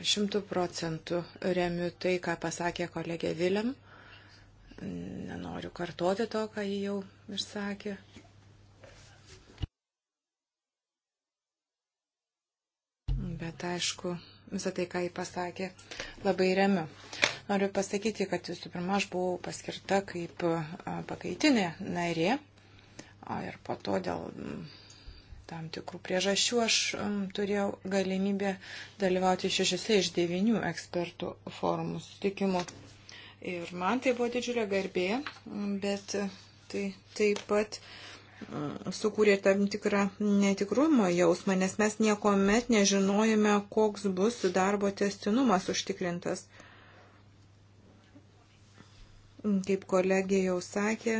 Šimtų procentų remiu tai, ką pasakė kolegė Vilim. Nenoriu kartoti to, ką jį jau išsakė. Bet aišku, visą tai, ką jį pasakė, labai remiu. Noriu pasakyti, kad visų pirma, aš buvau paskirta kaip pakaitinė narė ir po to dėl tam tikrų priežasčių aš turėjau galimybę dalyvauti šešiose iš devinių ekspertų forumų sutikimų. Ir man tai buvo didžiulė garbė, bet tai taip pat e, sukūrė tam tikrą netikrumo jausmą, nes mes nieko met nežinojame, koks bus darbo testinumas užtikrintas. Kaip kolegė jau sakė,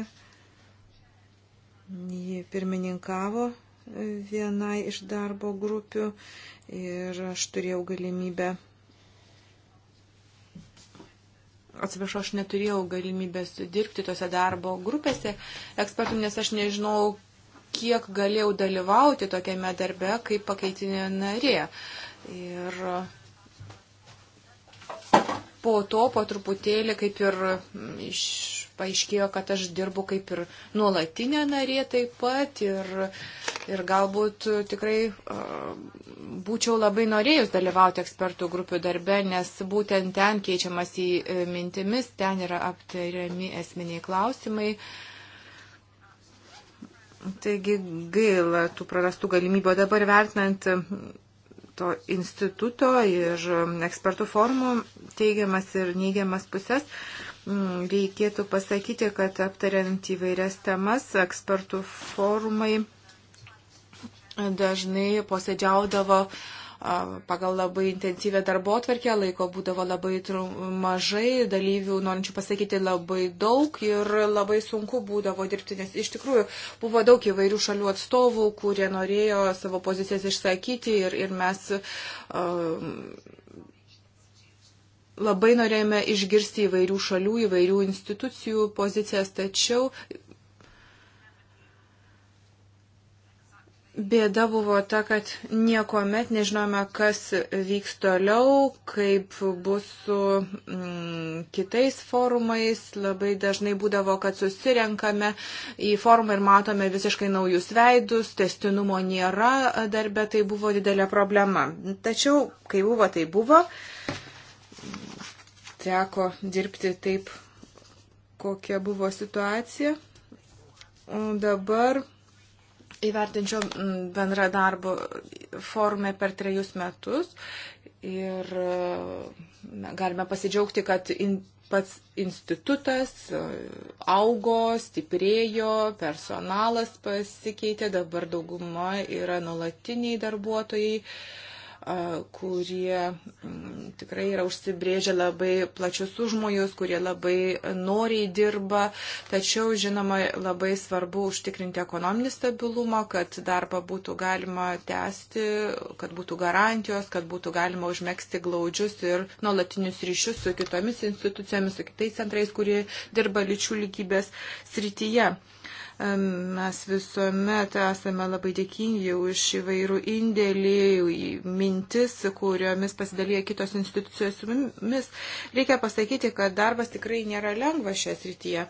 ji pirmininkavo vienai iš darbo grupių ir aš turėjau galimybę atsiprašau, aš neturėjau galimybės dirbti tose darbo grupėse ekspertų, nes aš nežinau, kiek galėjau dalyvauti tokiame darbe kaip pakeitinė narė. Ir po to, po truputėlį, kaip ir iš paaiškėjo, kad aš dirbu kaip ir nuolatinė narė taip pat ir, ir galbūt tikrai uh, būčiau labai norėjus dalyvauti ekspertų grupių darbe, nes būtent ten keičiamas į mintimis, ten yra aptariami esminiai klausimai. Taigi gaila tų prarastų galimybių. Dabar vertinant to instituto ir ekspertų formų teigiamas ir neigiamas pusės, uh, Mm, reikėtų pasakyti, kad aptariant įvairias temas, ekspertų forumai dažnai posėdžiaudavo pagal labai intensyvę darbo atverkę, laiko būdavo labai mažai, dalyvių, norinčių pasakyti, labai daug ir labai sunku būdavo dirbti, nes iš tikrųjų buvo daug įvairių šalių atstovų, kurie norėjo savo pozicijas išsakyti ir, ir mes. Uh, Labai norėjome išgirsti įvairių šalių, įvairių institucijų pozicijas, tačiau Bėda buvo ta, kad nieko met nežinome, kas vyks toliau, kaip bus su mm, kitais forumais. Labai dažnai būdavo, kad susirenkame į forumą ir matome visiškai naujus veidus, testinumo nėra darbe, tai buvo didelė problema. Tačiau, kai buvo, tai buvo. Uh, teko dirbti taip, kokia buvo situacija. O dabar įvertinčiau mm, bendrą darbo formę per trejus metus ir e, galime pasidžiaugti, kad in, pats institutas e, augo, stiprėjo, personalas pasikeitė, dabar dauguma yra nuolatiniai darbuotojai. Uh, kurie mm, tikrai yra užsibrėžę labai plačius užmojus, kurie labai noriai dirba, tačiau, žinoma, labai svarbu užtikrinti ekonominį stabilumą, kad darbą būtų galima tęsti, kad būtų garantijos, kad būtų galima užmėgsti glaudžius ir nuolatinius ryšius su kitomis institucijomis, su kitais centrais, kurie dirba lyčių lygybės srityje. Mes visuomet esame labai dėkingi už įvairių indėlį, mintis, kuriomis pasidalyja kitos institucijos su mumis. Reikia pasakyti, kad darbas tikrai nėra lengvas šią srityje.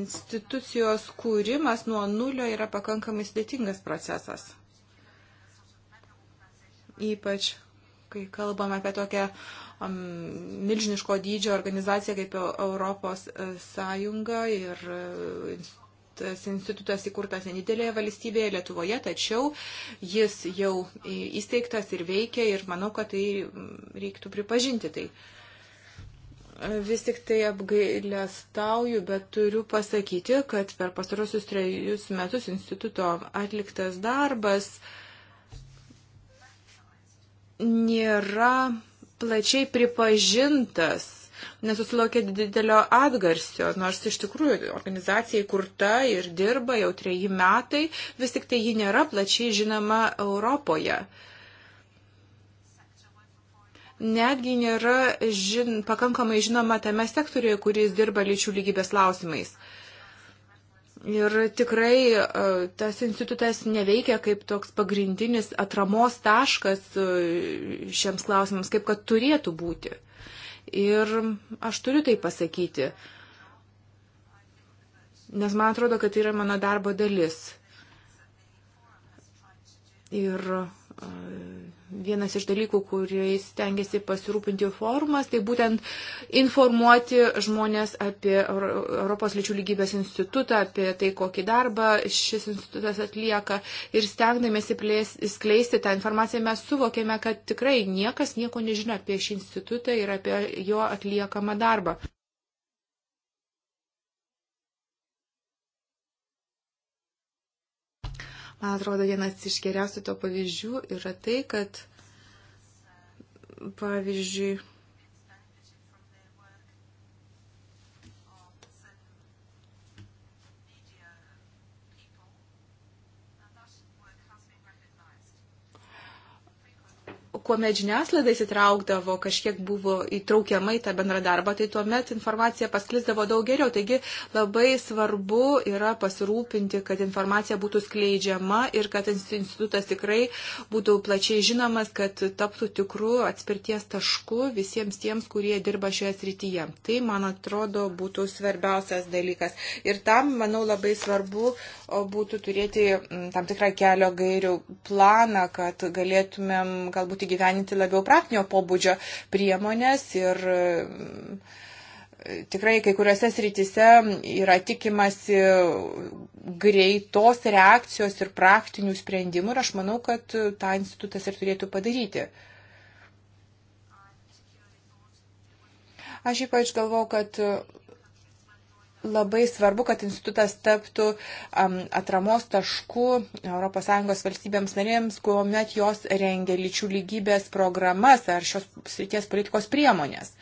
Institucijos kūrimas nuo nulio yra pakankamai sudėtingas procesas. Ypač, kai kalbame apie tokią milžiniško dydžio organizacija kaip Europos e, Sąjunga ir e, tas institutas įkurtas nedidelėje valstybėje Lietuvoje, tačiau jis jau įsteigtas ir veikia ir manau, kad tai mm, reiktų pripažinti. Tai e, vis tik tai apgailestauju, bet turiu pasakyti, kad per pastarosius trejus metus instituto atliktas darbas nėra plačiai pripažintas nesusilaukė didelio atgarsio, nors iš tikrųjų organizacija įkurta ir dirba jau treji metai, vis tik tai ji nėra plačiai žinoma Europoje netgi nėra žin, pakankamai žinoma tame sektoriuje, kuris dirba lyčių lygybės klausimais. Ir tikrai e, tas institutas neveikia kaip toks pagrindinis atramos taškas e, šiems klausimams, kaip kad turėtų būti. Ir aš turiu tai pasakyti, nes man atrodo, kad tai yra mano darbo dalis. Ir vienas iš dalykų, kuriais tengiasi pasirūpinti formas, tai būtent informuoti žmonės apie Europos lyčių lygybės institutą, apie tai, kokį darbą šis institutas atlieka ir stengdamėsi skleisti tą informaciją, mes suvokėme, kad tikrai niekas nieko nežino apie šį institutą ir apie jo atliekamą darbą. Man atrodo, vienas iš geriausių to pavyzdžių yra tai, kad, pavyzdžiui, kuomet žiniaslaida įsitraukdavo, kažkiek buvo įtraukiama į tą bendrą darbą, tai tuomet informacija pasklisdavo daug geriau. Taigi labai svarbu yra pasirūpinti, kad informacija būtų skleidžiama ir kad institutas tikrai būtų plačiai žinomas, kad taptų tikrų atspirties tašku visiems tiems, kurie dirba šioje srityje. Tai, man atrodo, būtų svarbiausias dalykas. Ir tam, manau, labai svarbu būtų turėti tam tikrą kelio gairių planą, kad galėtumėm galbūt būti gyveninti labiau praktinio pobūdžio priemonės ir e, tikrai kai kuriuose srityse yra tikimasi greitos reakcijos ir praktinių sprendimų ir aš manau, kad tą institutas ir turėtų padaryti. Aš ypač galvau, kad labai svarbu, kad institutas taptų um, atramos tašku ES valstybėms narėms, kuomet jos rengia lyčių lygybės programas ar šios srities politikos priemonės.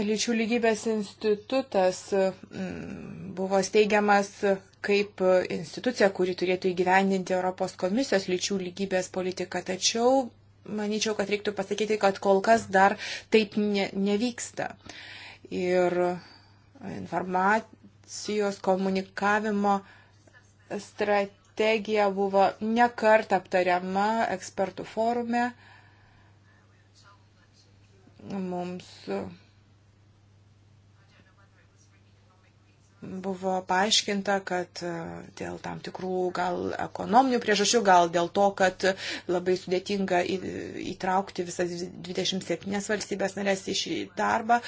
Lyčių lygybės institutas buvo steigiamas kaip institucija, kuri turėtų įgyvendinti Europos komisijos lyčių lygybės politiką, tačiau manyčiau, kad reiktų pasakyti, kad kol kas dar taip ne, nevyksta. Uh, ir informacijos komunikavimo strategija buvo nekart aptariama ekspertų forume. Mums Buvo paaiškinta, kad e, dėl tam tikrų gal ekonominių priežasčių, gal dėl to, kad labai sudėtinga įtraukti visas 27 valstybės narės į šį darbą,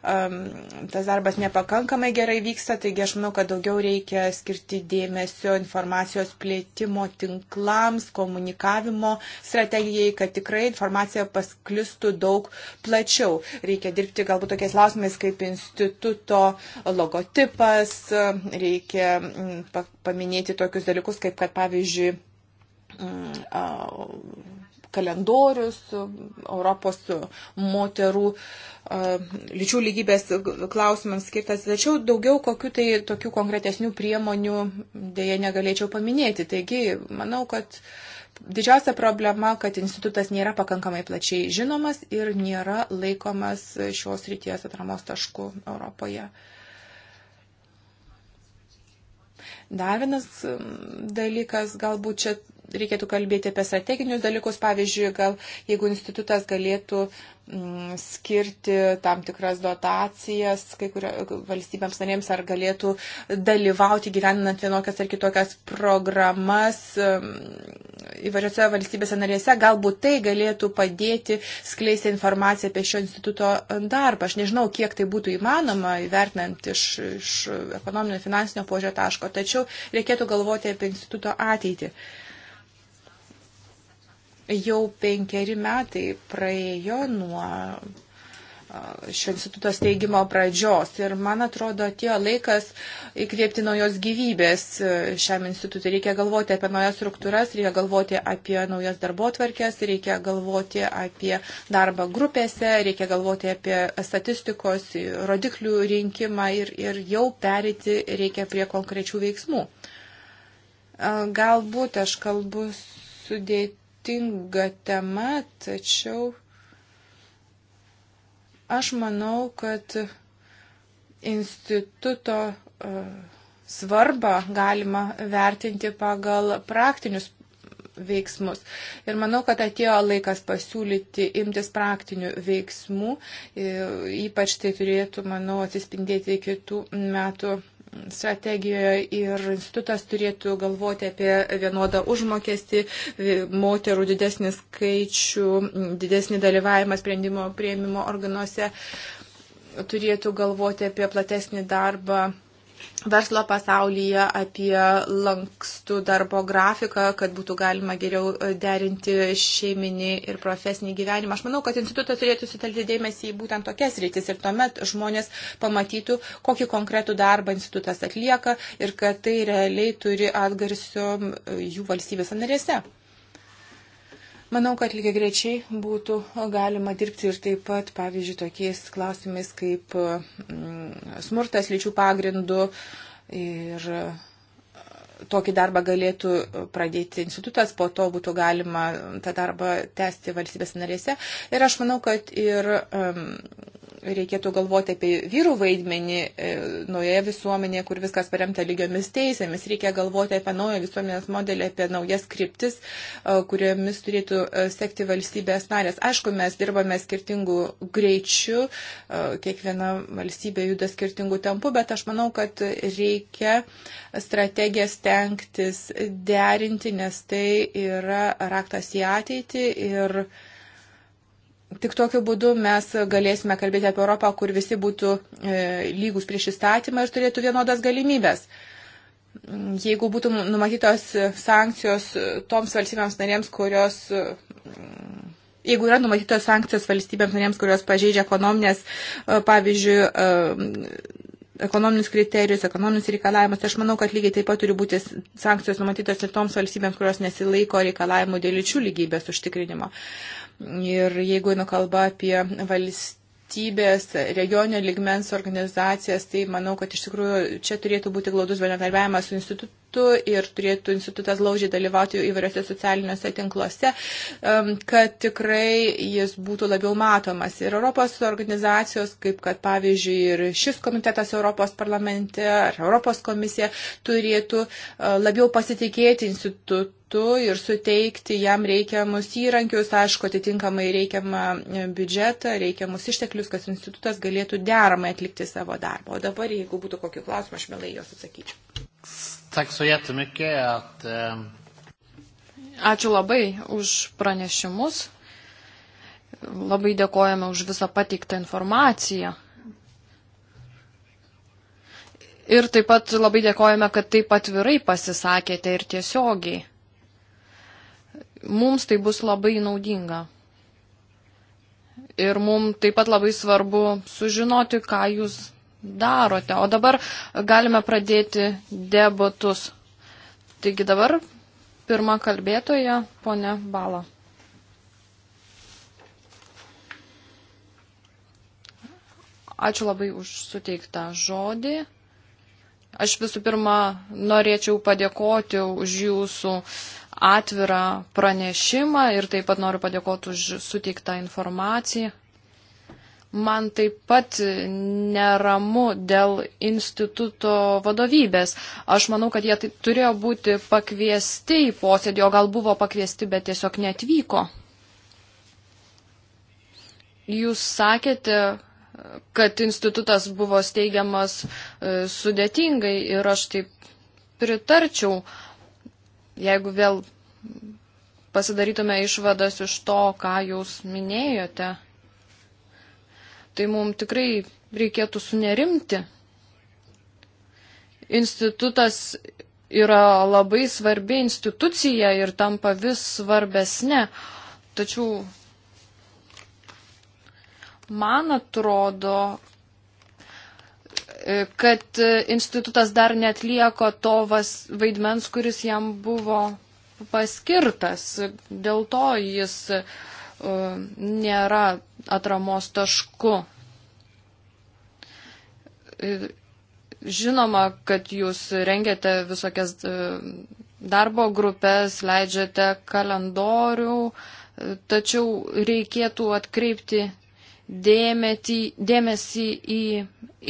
tas darbas nepakankamai gerai vyksta, taigi aš manau, kad daugiau reikia skirti dėmesio informacijos plėtimo tinklams, komunikavimo strategijai, kad tikrai informacija pasklistų daug plačiau. Reikia dirbti galbūt tokiais klausimais kaip instituto logotipas dalykas, reikia mm, paminėti tokius dalykus, kaip kad pavyzdžiui mm, kalendorius Europos moterų lyčių lygybės klausimams skirtas, tačiau daugiau kokių tai tokių konkretesnių priemonių dėje negalėčiau paminėti. Taigi, manau, kad didžiausia problema, kad institutas nėra pakankamai plačiai žinomas ir nėra laikomas šios ryties atramos tašku Europoje. Dar vienas mm, dalykas, galbūt čia reikėtų kalbėti apie strateginius dalykus. Pavyzdžiui, gal jeigu institutas galėtų mm, skirti tam tikras dotacijas kai kurio valstybėms narėms ar galėtų dalyvauti gyveninant vienokias ar kitokias programas mm, įvairiose valstybėse narėse, galbūt tai galėtų padėti skleisti informaciją apie šio instituto darbą. Aš nežinau, kiek tai būtų įmanoma įvertinant iš, iš ekonominio finansinio požiūrio taško, tačiau reikėtų galvoti apie instituto ateitį. Uh, Jau penkeri metai praėjo nuo šio instituto steigimo pradžios ir man atrodo atėjo laikas įkvėpti naujos gyvybės e, šiam institutui. Reikia galvoti apie naujas struktūras, reikia galvoti apie naujas darbo tvarkės, reikia galvoti apie darbą grupėse, reikia galvoti apie statistikos, rodiklių rinkimą ir, ir jau perėti reikia prie konkrečių veiksmų. Galbūt aš kalbu sudėti sudėtinga tema, tačiau aš manau, kad instituto e, svarbą galima vertinti pagal praktinius veiksmus. Ir manau, kad atėjo laikas pasiūlyti imtis praktinių veiksmų, e, ypač tai turėtų, manau, atsispindėti kitų metų strategijoje ir institutas turėtų galvoti apie vienodą užmokestį, moterų didesnį skaičių, didesnį dalyvavimą sprendimo prieimimo organuose, turėtų galvoti apie platesnį darbą verslo pasaulyje, apie lankstų darbo grafiką, kad būtų galima geriau e, derinti šeiminį ir profesinį gyvenimą. Aš manau, kad institutas turėtų sutelkti dėmesį į būtent tokias rytis ir tuomet žmonės pamatytų, kokį konkretų darbą institutas atlieka ir kad tai realiai turi atgarsio jų valstybės narėse. Manau, kad lygiai grečiai būtų galima dirbti ir taip pat, pavyzdžiui, tokiais klausimais kaip mm, smurtas lyčių pagrindų ir tokį darbą galėtų pradėti institutas, po to būtų galima tą darbą tęsti valstybės narėse. Ir aš manau, kad ir um, reikėtų galvoti apie vyrų vaidmenį e, naujoje visuomenėje, kur viskas paremta lygiomis teisėmis. Reikia galvoti apie naują visuomenės modelį, apie naujas kryptis, e, kuriomis turėtų e, sekti valstybės narės. Aišku, mes dirbame skirtingų greičių, kiekviena valstybė juda skirtingų tempų, bet aš manau, kad reikia strategijas tenktis derinti, nes tai yra raktas į ateitį ir Tik tokiu būdu mes galėsime kalbėti apie Europą, kur visi būtų e, lygus prieš įstatymą ir turėtų vienodas galimybės. Jeigu būtų nu-, numatytos sankcijos toms valstybėms narėms, kurios. Mm, jeigu yra numatytos sankcijos valstybėms narėms, kurios pažeidžia ekonominės, e, pavyzdžiui, e, ekonominius kriterijus, ekonominius reikalavimus. Tai aš manau, kad lygiai taip pat turi būti sankcijos numatytos ir toms valstybėms, kurios nesilaiko reikalavimų dėl lyčių lygybės užtikrinimo. Uh, Ir jeigu eina kalba apie valstybę, valstybės, regioninio ligmens organizacijas, tai manau, kad iš tikrųjų čia turėtų būti glaudus bendradarbiavimas su institutu institutu ir turėtų institutas laužiai dalyvauti įvairiose socialiniuose tinkluose, kad tikrai jis būtų labiau matomas. Ir Europos organizacijos, kaip kad pavyzdžiui ir šis komitetas Europos parlamente ar Europos komisija, turėtų e, labiau pasitikėti institutu metu ir suteikti jam reikiamus įrankius, aišku, atitinkamai reikiamą e, biudžetą, reikiamus išteklius, kad institutas galėtų deramai atlikti savo darbą. O dabar, jeigu būtų kokių klausimų, aš mielai juos atsakyčiau. Ehm, Ačiū labai už pranešimus. Labai dėkojame už visą pateiktą informaciją. Ir taip pat labai dėkojame, kad taip atvirai pasisakėte ir tiesiogiai. Mums tai bus labai naudinga. Ir mums taip pat labai svarbu sužinoti, ką jūs darote. O dabar galime pradėti debatus. Taigi dabar pirma kalbėtoja, ponė Bala. Ačiū labai už suteiktą žodį. Aš visų pirma norėčiau padėkoti už jūsų atvirą pranešimą ir taip pat noriu padėkoti už suteiktą informaciją. Man taip pat neramu dėl instituto vadovybės. Aš manau, kad jie tai turėjo būti pakviesti į posėdį, o gal buvo pakviesti, bet tiesiog netvyko. Jūs sakėte, kad institutas buvo steigiamas e, sudėtingai ir aš taip pritarčiau, jeigu vėl pasidarytume išvadas iš to, ką jūs minėjote tai mums tikrai reikėtų sunerimti. Institutas yra labai svarbi institucija ir tampa vis svarbesnė, tačiau man atrodo, kad institutas dar netlieko to vaidmens, kuris jam buvo paskirtas. Dėl to jis uh, E, nėra atramos tašku. E, žinoma, kad jūs rengiate visokias e, darbo grupės, leidžiate kalendorių, tačiau reikėtų atkreipti dėmetį, dėmesį į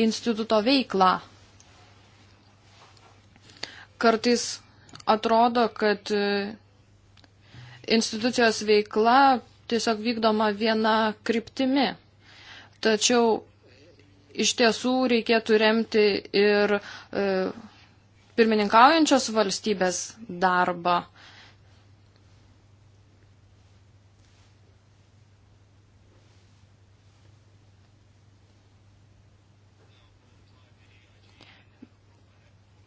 instituto veiklą. Kartais atrodo, kad institucijos veikla tiesiog vykdoma viena kryptimi. Tačiau iš tiesų reikėtų remti ir e, pirmininkaujančios valstybės darbą.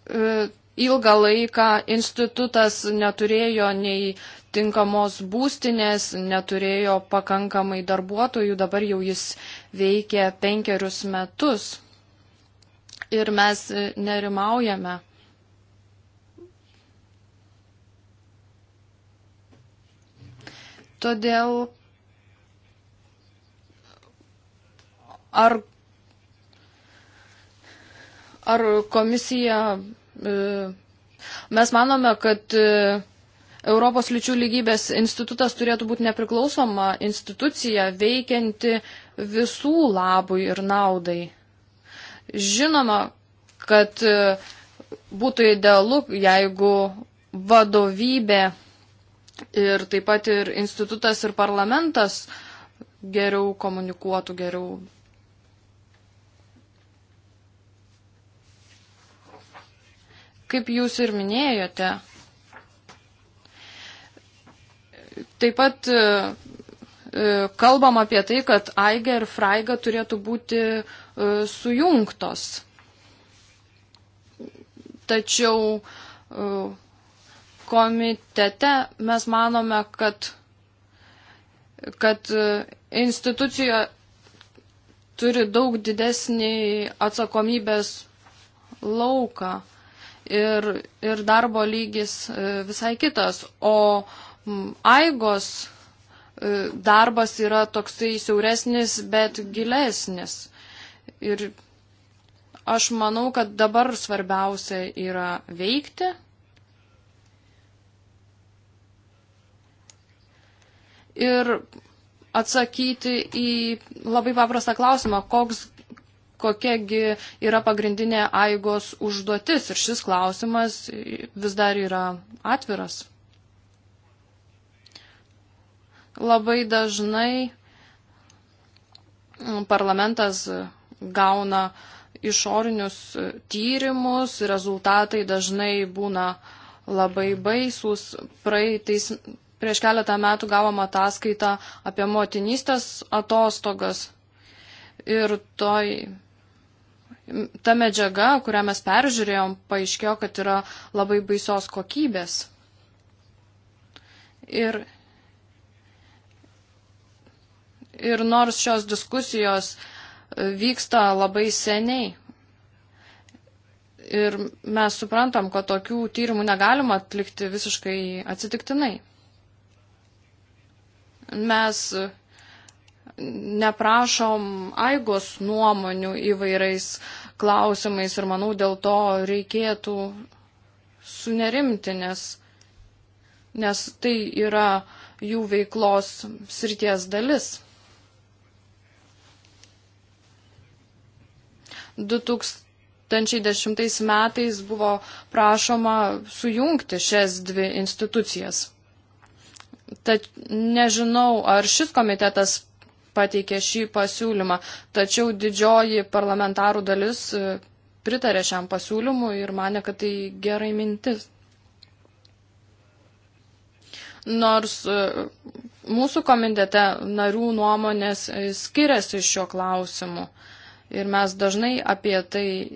E, ilgą laiką institutas neturėjo nei tinkamos būstinės, neturėjo pakankamai darbuotojų, dabar jau jis veikia penkerius metus. Ir mes e, nerimaujame. Todėl ar, ar komisija. E, mes manome, kad e, Europos lyčių lygybės institutas turėtų būti nepriklausoma institucija, veikianti visų labui ir naudai. Žinoma, kad e, būtų idealu, jeigu vadovybė ir taip pat ir institutas ir parlamentas geriau komunikuotų, geriau. Kaip jūs ir minėjote, Taip pat e, e, kalbam apie tai, kad Aige ir Fraiga turėtų būti e, sujungtos. Tačiau komitete mes manome, kad, kad institucija turi daug didesnį atsakomybės lauką ir, ir darbo lygis visai kitas. O Mm, Aigos e, darbas yra toksai siauresnis, bet gilesnis. Ir aš manau, kad dabar svarbiausia yra veikti. Ir atsakyti į labai paprastą klausimą, koks, kokiagi yra pagrindinė Aigos užduotis. Ir šis klausimas vis dar yra atviras. Labai dažnai mm, parlamentas gauna išorinius tyrimus, rezultatai dažnai būna labai baisūs. Praeitais, prieš keletą metų gavom ataskaitą apie motinystės atostogas. Ir toj, mm, ta medžiaga, kurią mes peržiūrėjom, paaiškėjo, kad yra labai baisios kokybės. Ir Ir nors šios diskusijos e, vyksta labai seniai, ir mes suprantam, kad tokių tyrimų negalima atlikti visiškai atsitiktinai. Mes e, neprašom aigos nuomonių įvairiais klausimais ir manau dėl to reikėtų sunerimti, nes, nes tai yra jų veiklos srities dalis. 2010 metais buvo prašoma sujungti šias dvi institucijas. Tad nežinau, ar šis komitetas pateikė šį pasiūlymą, tačiau didžioji parlamentarų dalis e, pritarė šiam pasiūlymui ir mane, kad tai gerai mintis. Nors e, mūsų komitete narių nuomonės e, skiriasi šiuo klausimu ir mes dažnai apie tai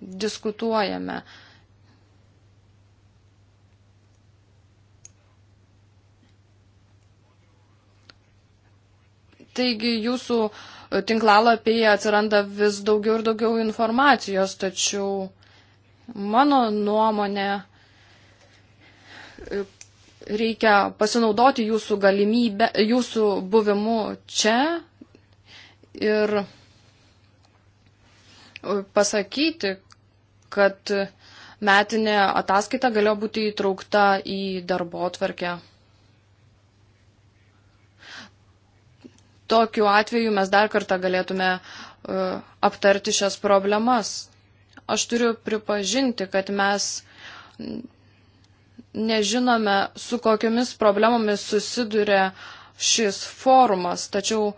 diskutuojame. Taigi jūsų tinklalapyje atsiranda vis daugiau ir daugiau informacijos, tačiau mano nuomonė e, reikia pasinaudoti jūsų galimybę, jūsų buvimu čia ir pasakyti, kad metinė ataskaita galėjo būti įtraukta į darbo atvarkę. Tokiu atveju mes dar kartą galėtume uh, aptarti šias problemas. Aš turiu pripažinti, kad mes nežinome, su kokiamis problemomis susiduria šis forumas, tačiau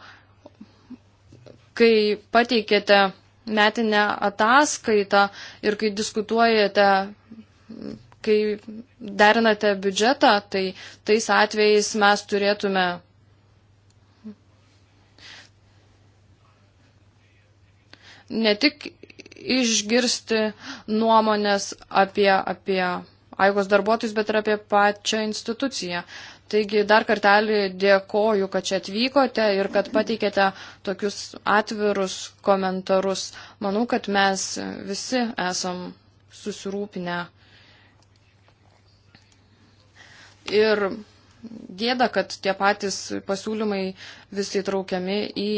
kai pateikėte metinę ataskaitą ir kai diskutuojate, kai derinate biudžetą, tai tais atvejais mes turėtume ne tik išgirsti nuomonės apie, apie Aigos darbuotojus, bet ir apie pačią instituciją. Taigi dar kartelį dėkoju, kad čia atvykote ir kad pateikėte tokius atvirus komentarus. Manau, kad mes visi esam susirūpinę. Ir gėda, kad tie patys pasiūlymai visi traukiami į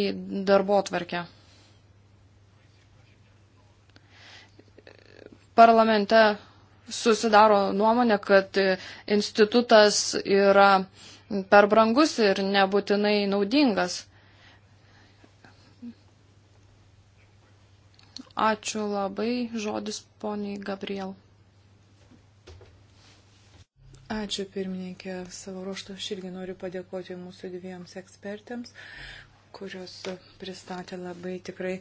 darbo tvarkę. Parlamente susidaro nuomonė, kad institutas yra per brangus ir nebūtinai naudingas. Ačiū labai, žodis poniai Gabriel. Ačiū pirmininkė, savo ruoštų aš irgi noriu padėkoti mūsų dviems ekspertėms, kurios pristatė labai tikrai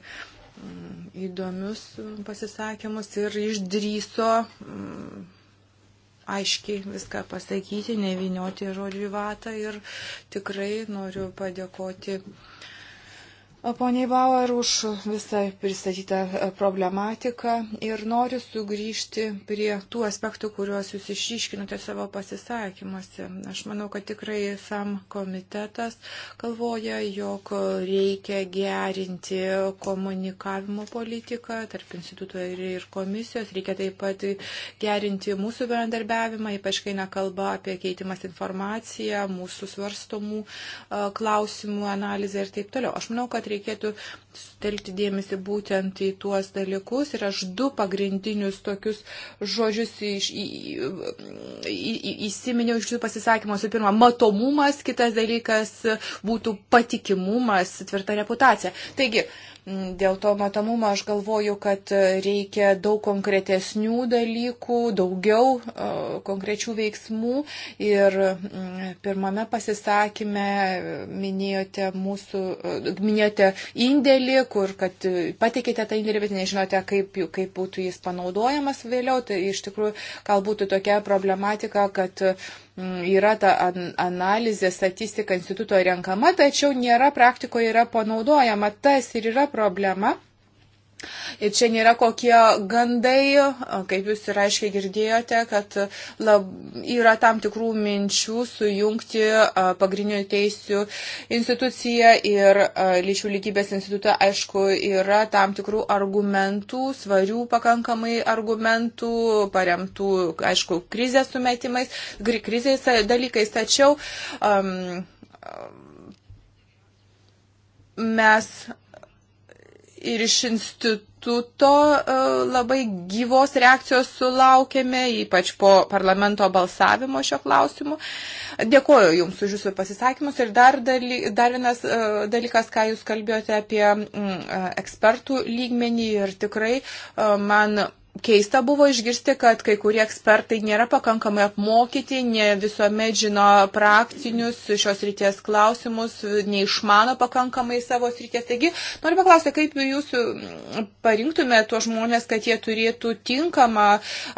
Mm, įdomius pasisakymus ir išdryso mm, aiškiai viską pasakyti, nevinioti žodžių vatą ir tikrai noriu padėkoti uh, poniai Bauer už visą pristatytą e, problematiką ir noriu sugrįžti prie tų aspektų, kuriuos jūs išryškinote savo pasisakymuose. Aš manau, kad tikrai SAM komitetas galvoja, jog reikia gerinti komunikavimo politiką tarp instituto ir, ir komisijos, reikia taip pat gerinti mūsų bendarbiavimą, ypač kai nekalba apie keitimas informaciją, mūsų svarstomų e, klausimų analizę ir taip toliau. Aš manau, kad reikėtų sutelkti dėmesį būtent į tuos dalykus ir aš du pagrindinius tokius žodžius iš, į, į, į, įsiminiau iš jų pasisakymų. Su pirma, matomumas, kitas dalykas būtų patikimumas, tvirta reputacija. Taigi, Dėl to matomumo aš galvoju, kad reikia daug konkretesnių dalykų, daugiau konkrečių veiksmų. Ir pirmame pasisakymė minėjote, mūsų, minėjote indėlį indėlį, kur kad e, pateikėte tą indėlį, bet nežinote, kaip, kaip būtų jis panaudojamas vėliau. Tai iš tikrųjų gal būtų tokia problematika, kad mm, yra ta analizė, statistika instituto renkama, tačiau nėra praktikoje yra panaudojama. Tas ir yra problema Ir čia nėra kokie gandai, kaip jūs ir aiškiai girdėjote, kad lab, yra tam tikrų minčių sujungti pagrindinių teisių instituciją ir lyčių lygybės institutą. Aišku, yra tam tikrų argumentų, svarių pakankamai argumentų, paremtų, aišku, krizės sumetimais, krizės dalykais. Tačiau um, mes ir iš instituto e, labai gyvos reakcijos sulaukėme, ypač po parlamento balsavimo šio klausimu. Dėkuoju Jums už Jūsų pasisakymus ir dar, daly, dar vienas e, dalykas, ką Jūs kalbėjote apie mm, e, ekspertų lygmenį ir tikrai man keista buvo išgirsti, kad kai kurie ekspertai nėra pakankamai apmokyti, ne visuomet žino praktinius šios ryties klausimus, neišmano pakankamai savo ryties. Taigi, noriu paklausti, kaip jūs mm, parinktumėte tuos žmonės, kad jie turėtų tinkamą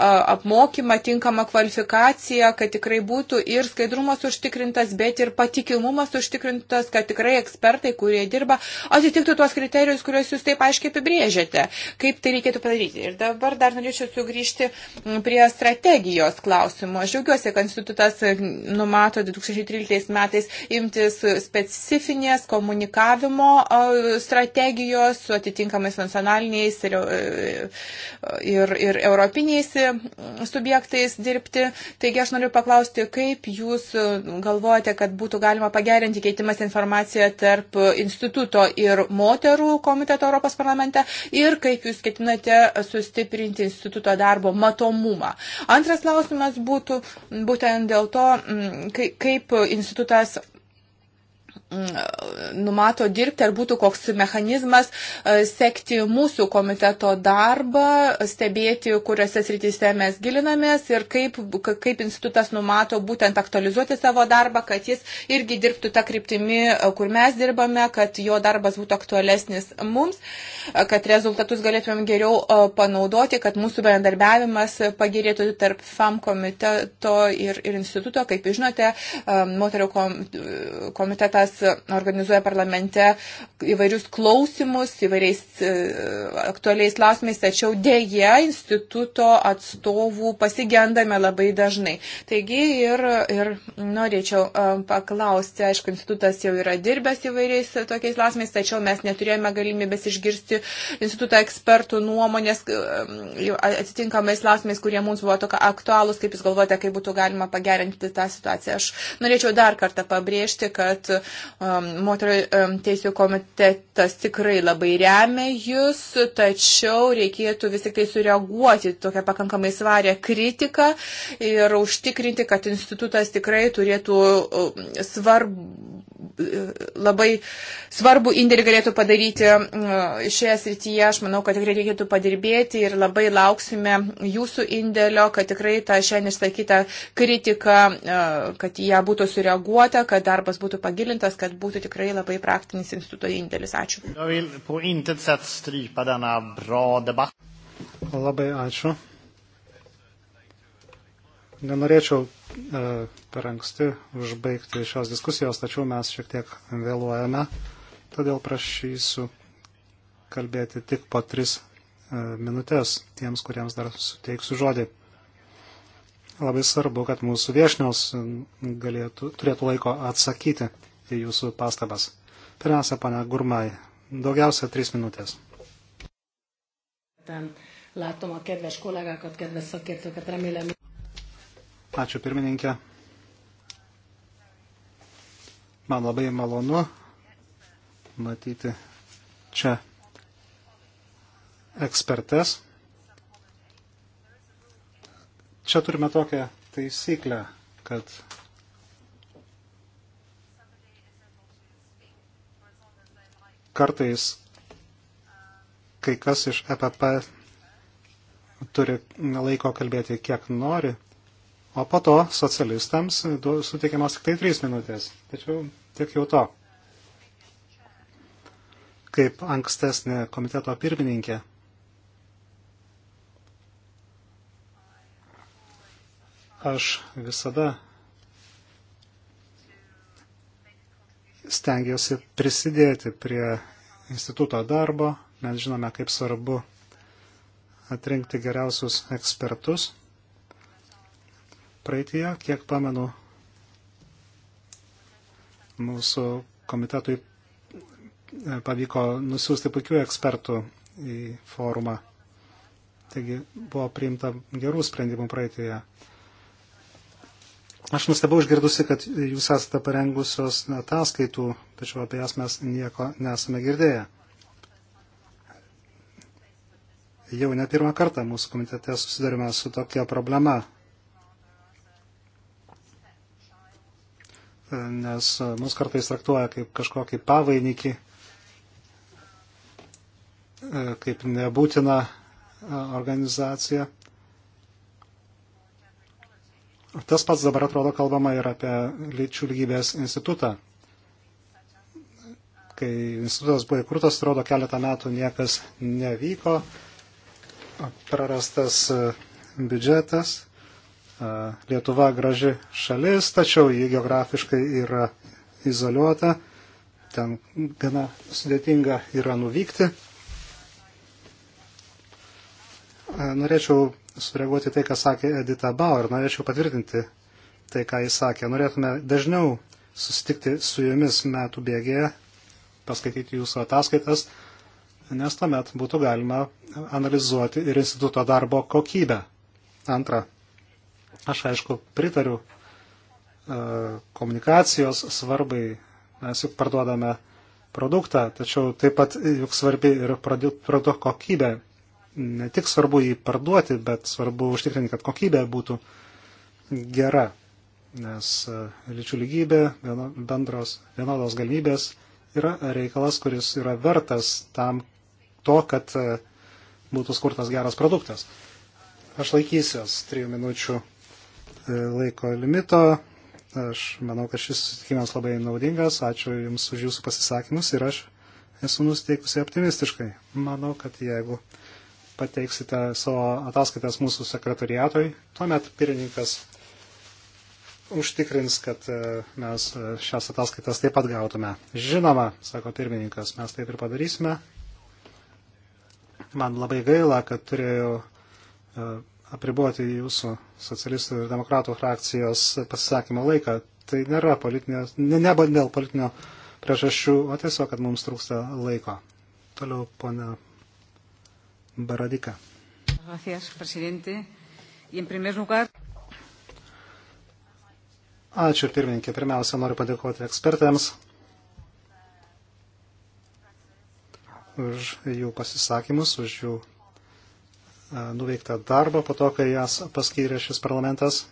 apmokymą, tinkamą kvalifikaciją, kad tikrai būtų ir skaidrumas užtikrintas, bet ir patikimumas užtikrintas, kad tikrai ekspertai, kurie dirba, atitiktų tuos kriterijus, kuriuos jūs taip aiškiai apibrėžėte. Kaip tai reikėtų padaryti? Ir dabar dar dar norėčiau sugrįžti prie strategijos klausimo. Aš džiaugiuosi, kad institutas e, numato 2013 metais imtis specifinės komunikavimo e, strategijos su atitinkamais nacionaliniais ir, e, ir, ir europiniais subjektais dirbti. Taigi aš noriu paklausti, kaip jūs galvojate, kad būtų galima pagerinti keitimas informaciją tarp instituto ir moterų komiteto Europos parlamente ir kaip jūs ketinate sustiprinti padidinti instituto darbo matomumą. Antras klausimas būtų būtent dėl to, mm, kaip institutas Mm, numato dirbti, ar būtų koks mechanizmas e, sekti mūsų komiteto darbą, stebėti, kuriuose srityse mes gilinamės ir kaip, kaip institutas numato būtent aktualizuoti savo darbą, kad jis irgi dirbtų tą kryptimį, e, kur mes dirbame, kad jo darbas būtų aktualesnis mums, e, kad rezultatus galėtumėm geriau panaudoti, kad mūsų bendarbiavimas pagerėtų tarp FAM komiteto ir, ir instituto. Kaip žinote, moterio komitetas organizuoja parlamente įvairius klausimus įvairiais e, aktualiais klausimais, tačiau dėje instituto atstovų pasigendame labai dažnai. Taigi ir, ir norėčiau e, paklausti, aišku, institutas jau yra dirbęs įvairiais tokiais klausimais, tačiau mes neturėjome galimybės išgirsti instituto ekspertų nuomonės e, atitinkamais klausimais, kurie mums buvo tokia aktualūs, kaip jūs galvojate, kaip būtų galima pagerinti tą situaciją. Aš norėčiau dar kartą pabrėžti, kad Moterio teisų komitetas tikrai labai remia jūs, tačiau reikėtų vis tik tai sureaguoti tokią pakankamai svarę kritiką ir užtikrinti, kad institutas tikrai turėtų um, svarb, labai svarbu indėlį galėtų padaryti um, šioje srityje. Aš manau, kad tikrai reikėtų padirbėti ir labai lauksime jūsų indėlio, kad tikrai tą šiandien išsakytą kritiką, uh, kad ją būtų sureaguota, kad darbas būtų pagilintas, kad būtų tikrai labai praktinis instituto indėlis. Ačiū. Labai ačiū. Nenorėčiau e, per anksti užbaigti šios diskusijos, tačiau mes šiek tiek vėluojame, todėl prašysiu kalbėti tik po tris e, minutės tiems, kuriems dar suteiksiu žodį. Labai svarbu, kad mūsų viešnios galėtų, turėtų laiko atsakyti išsakyti jūsų pastabas. Pirmiausia, pana Gurmai, daugiausia trys minutės. Látom a kedves kollégákat, kedves szakértőket, remélem. Ačiū pirmininkė. Man labai malonu matyti čia ekspertes. Čia turime tokią taisyklę, kad kartais kai kas iš EPP turi laiko kalbėti kiek nori, o po to socialistams suteikiamas tik tai 3 minutės. Tačiau tiek jau to. Kaip ankstesnė komiteto pirmininkė. Aš visada stengiuosi prisidėti prie instituto darbo. Mes žinome, kaip svarbu atrinkti geriausius ekspertus. Praeitie, kiek pamenu, mūsų komitetui e, pavyko nusiųsti puikių ekspertų į forumą. Taigi buvo priimta gerų sprendimų praeitėje. Aš nustebau išgirdusi, kad jūs esate parengusios ataskaitų, tačiau apie jas mes nieko nesame girdėję. Jau ne pirmą kartą mūsų komitete susidarime su tokia problema, nes mus kartais traktuoja kaip kažkokį pavainikį, kaip nebūtina organizacija. Tas pats dabar atrodo kalbama ir apie lyčių lygybės institutą. Kai institutas buvo įkurtas, atrodo, keletą metų niekas nevyko, prarastas e, biudžetas. E, Lietuva graži šalis, tačiau ji geografiškai yra izoliuota, ten gana sudėtinga yra nuvykti. E, norėčiau sureaguoti tai, ką sakė Edita Bauer. Norėčiau patvirtinti tai, ką jis sakė. Norėtume dažniau susitikti su jumis metų bėgėje, paskaityti jūsų ataskaitas, nes tuomet būtų galima analizuoti ir instituto darbo kokybę. Antra, aš aišku pritariu e, komunikacijos svarbai. Mes juk parduodame produktą, tačiau taip pat juk svarbi ir produkto kokybė ne tik svarbu jį parduoti, bet svarbu užtikrinti, kad kokybė būtų gera, nes e, lyčių lygybė, bendros vienodos galimybės yra reikalas, kuris yra vertas tam to, kad e, būtų skurtas geras produktas. Aš laikysiuos trijų minučių e, laiko limito. Aš manau, kad šis susitikimas labai naudingas. Ačiū Jums už Jūsų pasisakymus ir aš esu nusteikusi optimistiškai. Manau, kad jeigu pateiksite savo ataskaitas mūsų sekretariatoj, tuomet pirmininkas užtikrins, kad e, mes e, šias ataskaitas taip pat gautume. Žinoma, sako pirmininkas, mes taip ir padarysime. Man labai gaila, kad turėjau e, apriboti jūsų socialistų ir demokratų frakcijos pasisakymo laiką. Tai nėra politinio, ne, ne dėl politinio priežasčių, o tiesiog, kad mums trūksta laiko. Toliau, ponia Baradika. Gracias, presidente. Y en primer lugar. Ačiū pirmininkė. Pirmiausia, noriu padėkoti ekspertams už jų pasisakymus, už jų e, nuveiktą darbą po to, kai jas paskyrė šis parlamentas.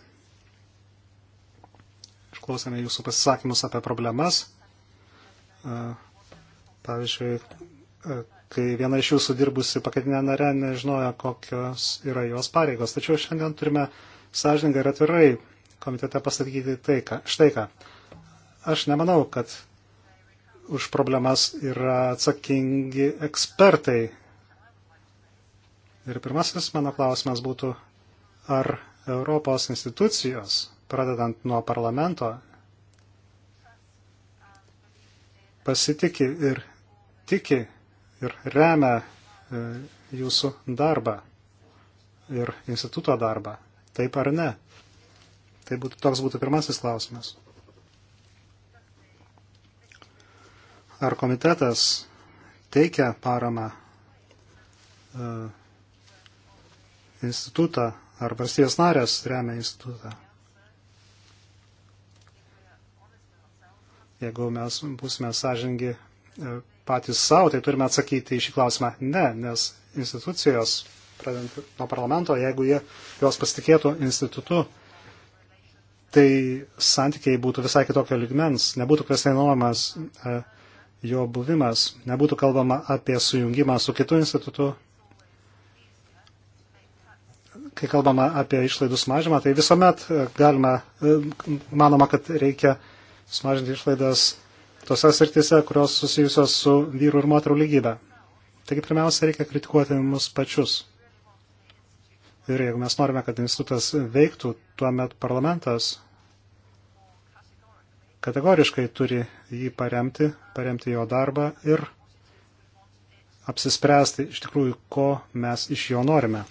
Išklausėme jūsų pasisakymus apie problemas. E, pavyzdžiui, e, kai viena iš jūsų dirbusi pakatinė nare nežinojo, kokios yra jos pareigos. Tačiau šiandien turime sąžininkai ir atvirai komitete pasakyti tai, ką, štai ką. Aš nemanau, kad už problemas yra atsakingi ekspertai. Ir pirmasis mano klausimas būtų, ar Europos institucijos, pradedant nuo parlamento, pasitiki ir tiki ir remia e, jūsų darbą ir instituto darbą. Taip ar ne? Tai būtų, toks būtų pirmasis klausimas. Ar komitetas teikia paramą uh, institutą, ar valstybės narės remia institutą? Jeigu mes būsime sąžingi uh, patys savo, tai turime atsakyti į šį klausimą. Ne, nes institucijos, pradant nuo parlamento, jeigu jie, jos pasitikėtų institutu, tai santykiai būtų visai kitokio ligmens, nebūtų kvestionuojamas e, jo buvimas, nebūtų kalbama apie sujungimą su kitu institutu. Kai kalbama apie išlaidų sumažimą, tai visuomet e, galima, e, manoma, kad reikia sumažinti išlaidas tose srityse, kurios susijusios su vyrų ir moterų lygybė. Taigi pirmiausia, reikia kritikuoti mus pačius. Ir jeigu mes norime, kad institutas veiktų, tuomet parlamentas kategoriškai turi jį paremti, paremti jo darbą ir apsispręsti iš tikrųjų, ko mes iš jo norime.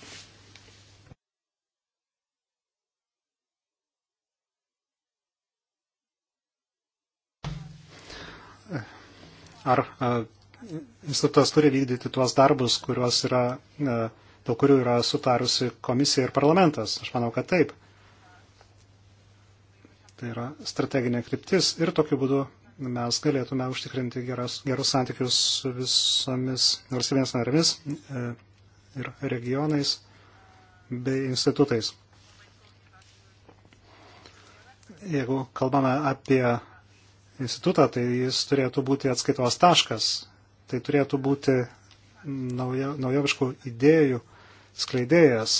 ar e, institutas turi vykdyti tuos darbus, yra, e, dėl kurių yra sutarusi komisija ir parlamentas. Aš manau, kad taip. Tai yra strateginė kryptis ir tokiu būdu mes galėtume užtikrinti geras, gerus santykius su visomis valstybės narėmis e, ir regionais bei institutais. Jeigu kalbame apie institutą, tai jis turėtų būti atskaitos taškas. Tai turėtų būti nauja, naujoviškų idėjų skleidėjas.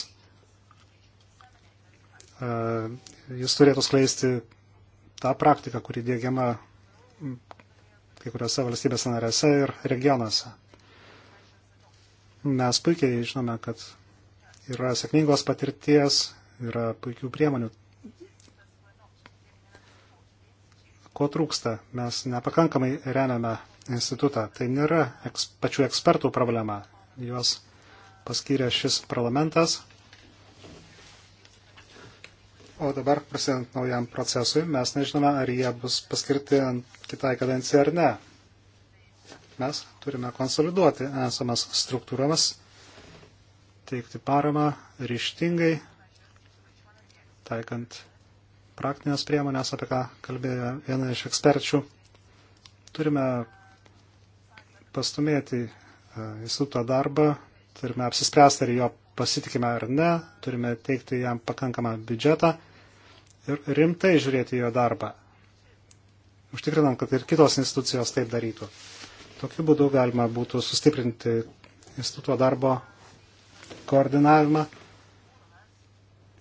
E, jis turėtų skleisti tą praktiką, kuri dėgiama kai kuriuose valstybės narėse ir regionuose. Mes puikiai žinome, kad yra sėkmingos patirties, yra puikių priemonių ko trūksta. Mes nepakankamai remiame institutą. Tai nėra eks, pačių ekspertų problema. Juos paskyrė šis parlamentas. O dabar, prasidant naujam procesui, mes nežinome, ar jie bus paskirti kitai kadencijai ar ne. Mes turime konsoliduoti esamas struktūromis, teikti paramą ryštingai, taikant praktinės priemonės, apie ką kalbėjo viena iš eksperčių. Turime pastumėti e, instituto darbą, turime apsispręsti, ar jo pasitikime ar ne, turime teikti jam pakankamą biudžetą ir rimtai žiūrėti jo darbą. Užtikrinant, kad ir kitos institucijos taip darytų. Tokiu būdu galima būtų sustiprinti instituto darbo koordinavimą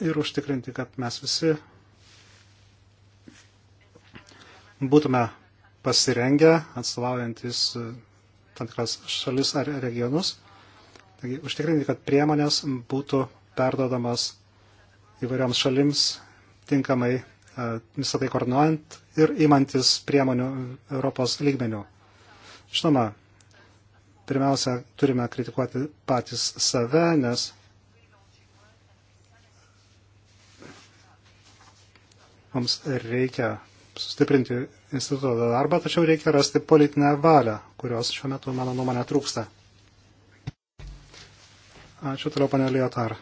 ir užtikrinti, kad mes visi būtume pasirengę atstovaujantis e, tam tikras šalis ar regionus. Taigi, užtikrinti, kad priemonės būtų perdodamas įvairioms šalims tinkamai e, visą tai koordinuojant ir imantis priemonių Europos lygmenių. Žinoma, pirmiausia, turime kritikuoti patys save, nes mums reikia sustiprinti instituto darbą, tačiau reikia rasti politinę valią, kurios šiuo metu, mano nuomonė, trūksta. Ačiū toliau, panė Lietar.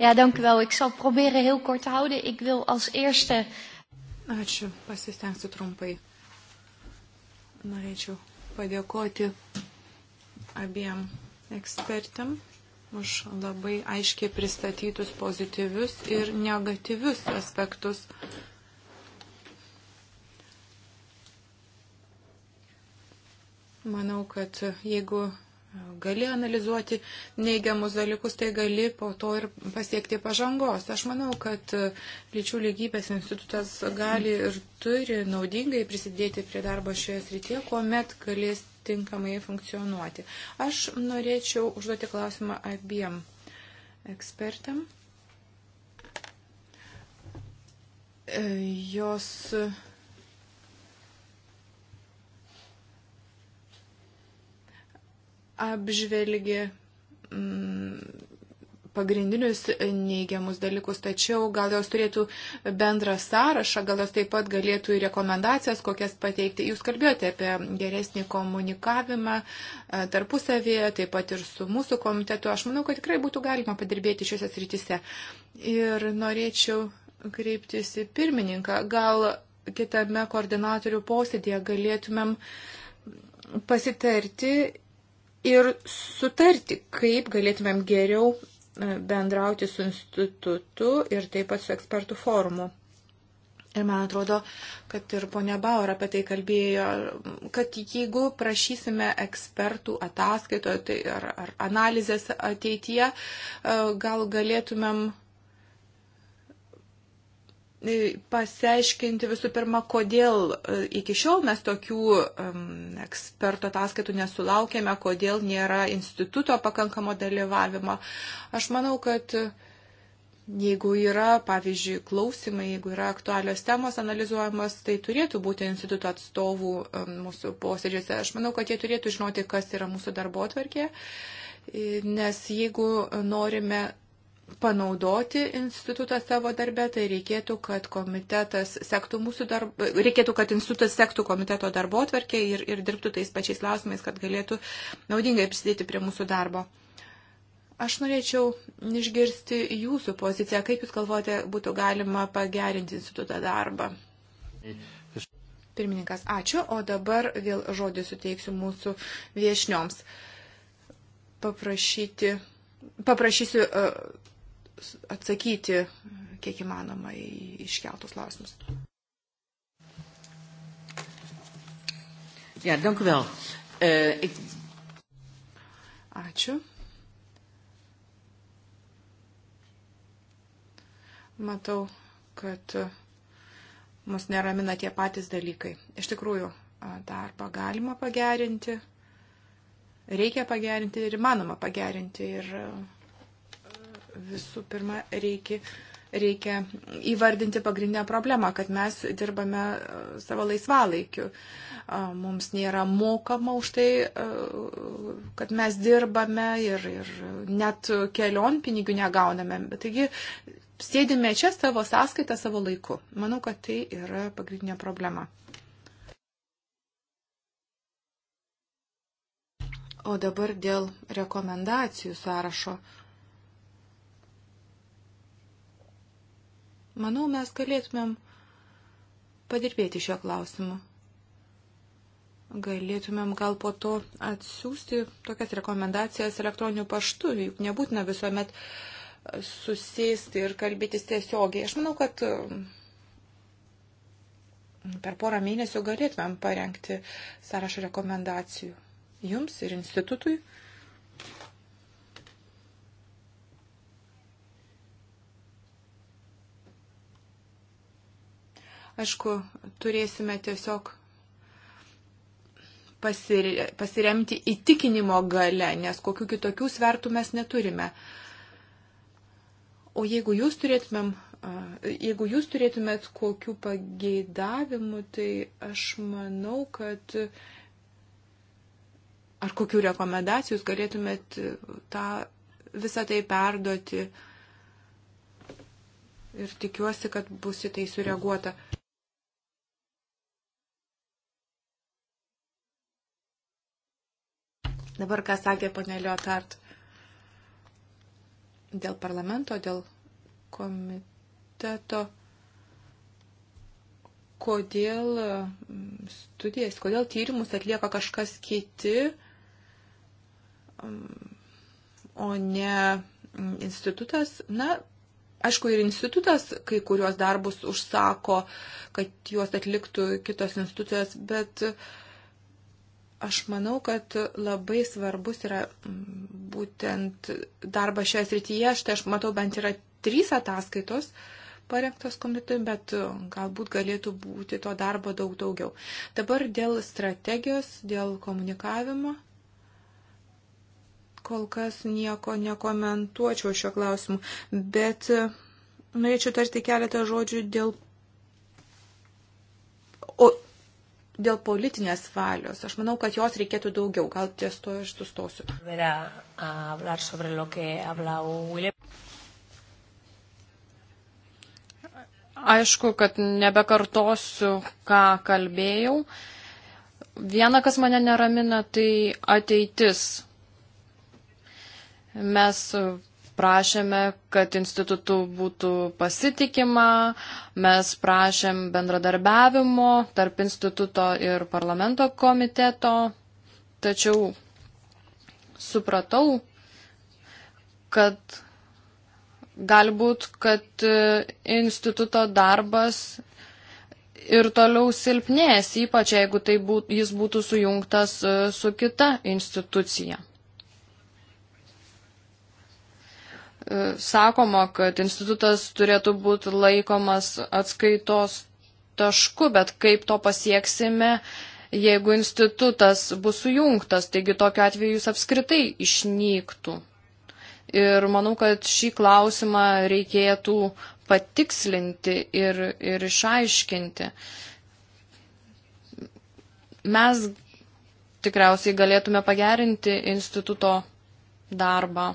Ja, dank u wel. Ik zal proberen heel kort te houden. Ik wil als eerste. Ačiū, pasistengsiu trumpai. Norėčiau padėkoti abiem ekspertam už labai aiškiai pristatytus pozityvius ir negatyvius aspektus. Manau, kad jeigu gali analizuoti neigiamus dalykus, tai gali po to ir pasiekti pažangos. Aš manau, kad lyčių lygybės institutas gali ir turi naudingai prisidėti prie darbo šioje srityje, kuomet galės tinkamai funkcionuoti. Aš norėčiau užduoti klausimą abiem ekspertam. E, jos e, apžvelgė pagrindinius neigiamus dalykus, tačiau gal jos turėtų bendrą sąrašą, gal jos taip pat galėtų ir rekomendacijas kokias pateikti. Jūs kalbėjote apie geresnį komunikavimą e, tarpusavėje, taip pat ir su mūsų komitetu. Aš manau, kad tikrai būtų galima padirbėti šiuose srityse. Ir norėčiau kreiptis į pirmininką. Gal kitame koordinatorių posėdėje galėtumėm pasitarti ir sutarti, kaip galėtumėm geriau bendrauti su institutu ir taip pat su ekspertų forumu. Ir man atrodo, kad ir ponia Bauer apie tai kalbėjo, kad jeigu prašysime ekspertų ataskaito tai ar, ar analizės ateityje, e, gal galėtumėm E, pasiaiškinti visų pirma, kodėl e, iki šiol mes tokių um, eksperto ataskaitų nesulaukėme, kodėl nėra instituto pakankamo dalyvavimo. Aš manau, kad e, jeigu yra, pavyzdžiui, klausimai, jeigu yra aktualios temos analizuojamos, tai turėtų būti instituto atstovų um, mūsų posėdžiuose. Aš manau, kad jie turėtų žinoti, kas yra mūsų darbo atvarkė, nes jeigu norime panaudoti institutą savo darbę, tai reikėtų, kad komitetas sektų mūsų darbą, reikėtų, kad institutas sektų komiteto darbo atverkė ir, ir dirbtų tais pačiais klausimais, kad galėtų naudingai prisidėti prie mūsų darbo. Aš norėčiau išgirsti jūsų poziciją, kaip jūs galvojate, būtų galima pagerinti institutą darbą. Pirmininkas, ačiū, o dabar vėl žodį suteiksiu mūsų viešnioms. Paprašyti, paprašysiu uh, atsakyti kiek įmanoma į iškeltus klausimus. Ja, dank u wel. Uh, ik... Ačiū. Matau, kad mus neramina tie patys dalykai. Iš tikrųjų, darbą galima pagerinti, reikia pagerinti ir įmanoma pagerinti. Ir visų pirma reikia, reikia įvardinti pagrindinę problemą, kad mes dirbame e, savo laisvalaikiu. E, mums nėra mokama už tai, e, kad mes dirbame ir, ir net kelionpinigių negauname. Taigi sėdime čia savo sąskaitą savo laiku. Manau, kad tai yra pagrindinė problema. O dabar dėl rekomendacijų sąrašo. Manau, mes galėtumėm padirbėti šio klausimu. Galėtumėm gal po to atsiųsti tokias rekomendacijas elektroniniu paštu, juk nebūtina visuomet susėsti ir kalbėtis tiesiogiai. Aš manau, kad mm, per porą mėnesių galėtumėm parengti sąrašą rekomendacijų jums ir institutui. Uh, Aišku, turėsime tiesiog pasiremti įtikinimo gale, nes kokiu kitokių svertų mes neturime. O jeigu jūs turėtumėm, jeigu jūs turėtumėt kokių pageidavimų, tai aš manau, kad ar kokių rekomendacijų jūs galėtumėt e, tą, visą tai perduoti. Ir tikiuosi, kad bus į tai sureaguota. Dabar, ką sakė ponelio Tart dėl parlamento, dėl komiteto, kodėl mm, studijas, kodėl tyrimus atlieka kažkas kiti, mm, o ne mm, institutas. Na, aišku, ir institutas kai kuriuos darbus užsako, kad juos atliktų kitos institucijos, bet uh, Aš manau, kad labai svarbus yra būtent darbas šioje srityje. Štai aš matau, bent yra trys ataskaitos parengtos komitetui, bet e, galbūt galėtų būti to darbo daug daugiau. Dabar dėl strategijos, dėl komunikavimo. Kol kas nieko nekomentuočiau šio klausimu, bet e, norėčiau tarti keletą žodžių dėl o dėl politinės valios. Aš manau, kad jos reikėtų daugiau. Gal ties to aš sustosiu. Aišku, kad nebekartosiu, ką kalbėjau. Viena, kas mane neramina, tai ateitis. Mes prašėme, kad institutų būtų pasitikima, mes prašėm bendradarbiavimo tarp instituto ir parlamento komiteto, tačiau supratau, kad galbūt, kad instituto darbas ir toliau silpnės, ypač jeigu tai būt, jis būtų sujungtas su kita institucija. E, sakoma, kad institutas turėtų būti laikomas atskaitos tašku, bet kaip to pasieksime, jeigu institutas bus sujungtas, taigi tokiu atveju jis apskritai išnyktų. Ir manau, kad šį klausimą reikėtų patikslinti ir, ir išaiškinti. Mes tikriausiai galėtume pagerinti instituto darbą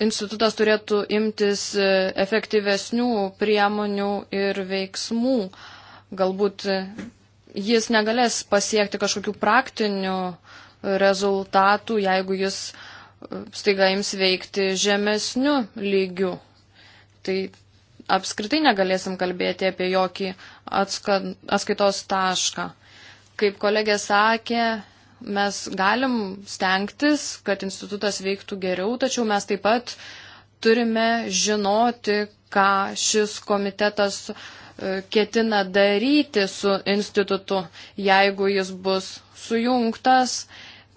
institutas turėtų imtis e, efektyvesnių priemonių ir veiksmų. Galbūt e, jis negalės pasiekti kažkokių praktinių rezultatų, jeigu jis e, staiga ims veikti žemesniu lygiu. Tai apskritai negalėsim kalbėti apie jokį atska, atskaitos tašką. Kaip kolegė sakė, Mes galim stengtis, kad institutas veiktų geriau, tačiau mes taip pat turime žinoti, ką šis komitetas e, ketina daryti su institutu. Jeigu jis bus sujungtas,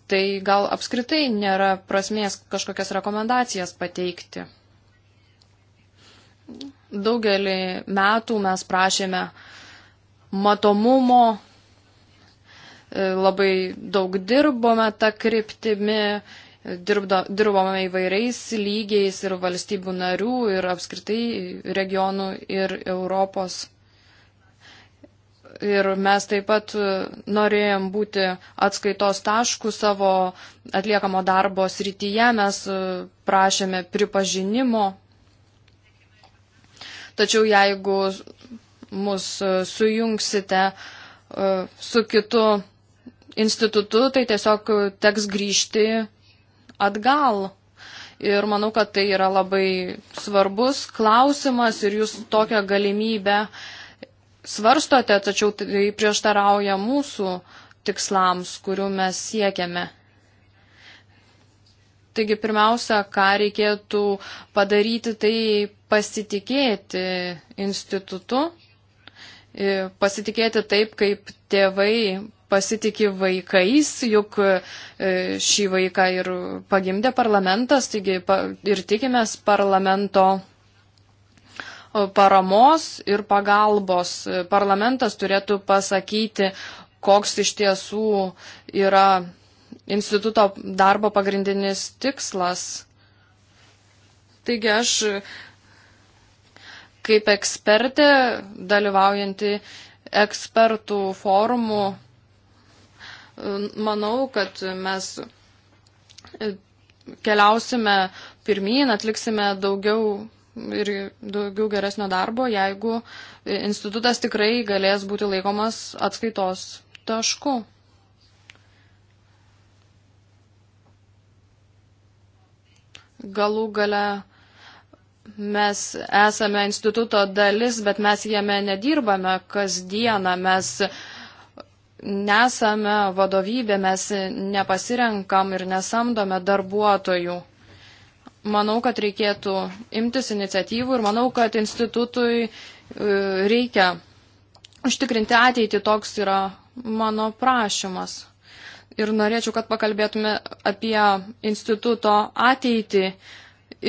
tai gal apskritai nėra prasmės kažkokias rekomendacijas pateikti. Daugelį metų mes prašėme matomumo labai daug dirbome tą kryptimį, dirbdo, dirbome įvairiais lygiais ir valstybių narių, ir apskritai regionų, ir Europos. Ir mes taip pat norėjom būti atskaitos taškų savo atliekamo darbo srityje, mes prašėme pripažinimo. Tačiau jeigu mus sujungsite e, su kitu institutu, tai tiesiog teks grįžti atgal. Ir manau, kad tai yra labai svarbus klausimas ir jūs tokią galimybę svarstote, tačiau tai prieštarauja mūsų tikslams, kurių mes siekiame. Taigi pirmiausia, ką reikėtų padaryti, tai pasitikėti institutu, pasitikėti taip, kaip tėvai pasitikė vaikais, juk e, šį vaiką ir pagimdė parlamentas, taigi ir tikimės parlamento e, paramos ir pagalbos. Parlamentas turėtų pasakyti, koks iš tiesų yra instituto darbo pagrindinis tikslas. Taigi aš kaip ekspertė, dalyvaujanti ekspertų forumų manau, kad mes e, keliausime pirmyn, atliksime daugiau ir daugiau geresnio darbo, jeigu institutas tikrai galės būti laikomas atskaitos tašku. Galų gale mes esame instituto dalis, bet mes jame nedirbame kasdieną, mes uh, nesame vadovybė, mes nepasirenkam ir nesamdome darbuotojų. Manau, kad reikėtų imtis iniciatyvų ir manau, kad institutui e, reikia užtikrinti ateitį, toks yra mano prašymas. Ir norėčiau, kad pakalbėtume apie instituto ateitį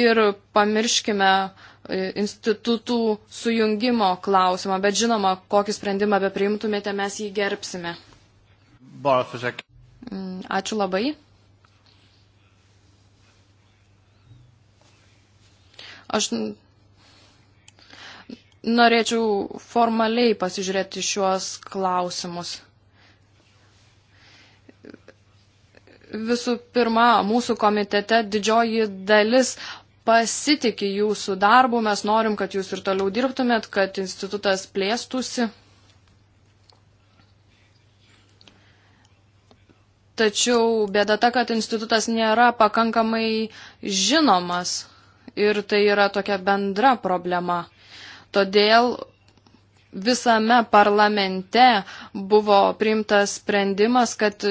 ir pamirškime uh, E, institutų sujungimo klausimą, bet žinoma, kokį sprendimą be priimtumėte, mes jį gerbsime. Mm, ačiū labai. Aš norėčiau formaliai pasižiūrėti šiuos klausimus. Visų pirma, mūsų komitete didžioji dalis pasitiki jūsų darbu, mes norim, kad jūs ir toliau dirbtumėt, kad institutas plėstųsi. Tačiau bėda ta, kad institutas nėra pakankamai žinomas ir tai yra tokia bendra problema. Todėl visame parlamente buvo priimtas sprendimas, kad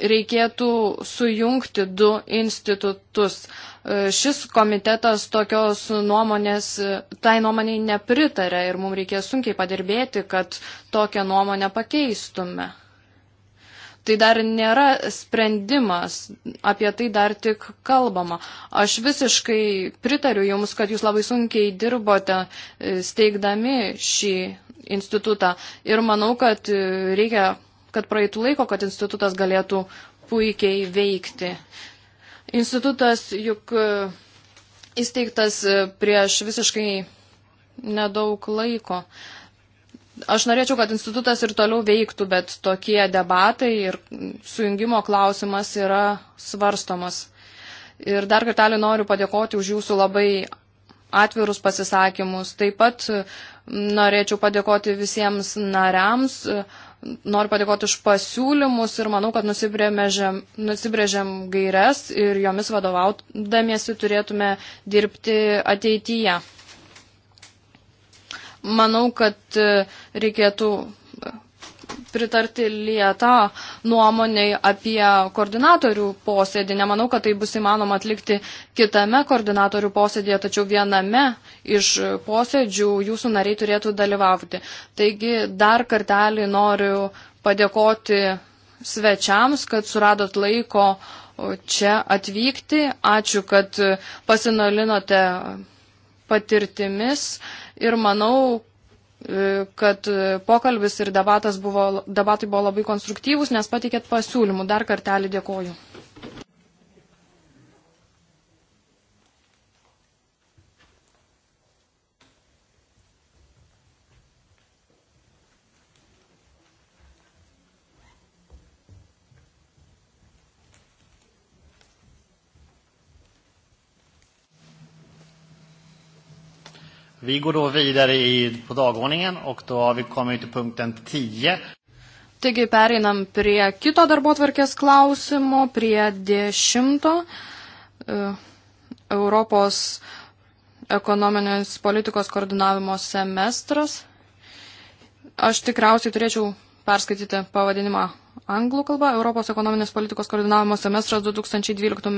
reikėtų sujungti du institutus. E, šis komitetas tokios nuomonės, e, tai nuomoniai nepritarė ir mums reikės sunkiai padirbėti, kad tokią nuomonę pakeistume. Tai dar nėra sprendimas, apie tai dar tik kalbama. Aš visiškai pritariu Jums, kad Jūs labai sunkiai dirbote e, steigdami šį institutą ir manau, kad reikia kad praeitų laiko, kad institutas galėtų puikiai veikti. Institutas juk e, įsteigtas e, prieš visiškai nedaug laiko. Aš norėčiau, kad institutas ir toliau veiktų, bet tokie debatai ir sujungimo klausimas yra svarstomas. Ir dar kartelį noriu padėkoti už jūsų labai atvirus pasisakymus. Taip pat norėčiau padėkoti visiems nariams, Noriu padėkoti už pasiūlymus ir manau, kad nusibrėžėm, nusibrėžėm gairias ir jomis vadovaudamiesi turėtume dirbti ateityje. Manau, kad e, reikėtų pritarti lietą nuomoniai apie koordinatorių posėdį. Nemanau, kad tai bus įmanoma atlikti kitame koordinatorių posėdėje, tačiau viename iš posėdžių jūsų nariai turėtų dalyvauti. Taigi dar kartelį noriu padėkoti svečiams, kad suradot laiko čia atvykti. Ačiū, kad pasinalinote patirtimis ir manau, E, kad e, pokalbis ir debatas buvo, debatai buvo labai konstruktyvūs, nes pateikėt pasiūlymų. Dar kartelį dėkoju. Vi går då vidare i, på dagordningen och då har vi kommit till punkten 10. Taigi pereinam prie kito darbo tvarkės klausimo, prie dešimto e, Europos ekonominės politikos koordinavimo semestras. Aš tikriausiai turėčiau perskaityti pavadinimą anglų kalba Europos ekonominės politikos koordinavimo semestras 2012 m.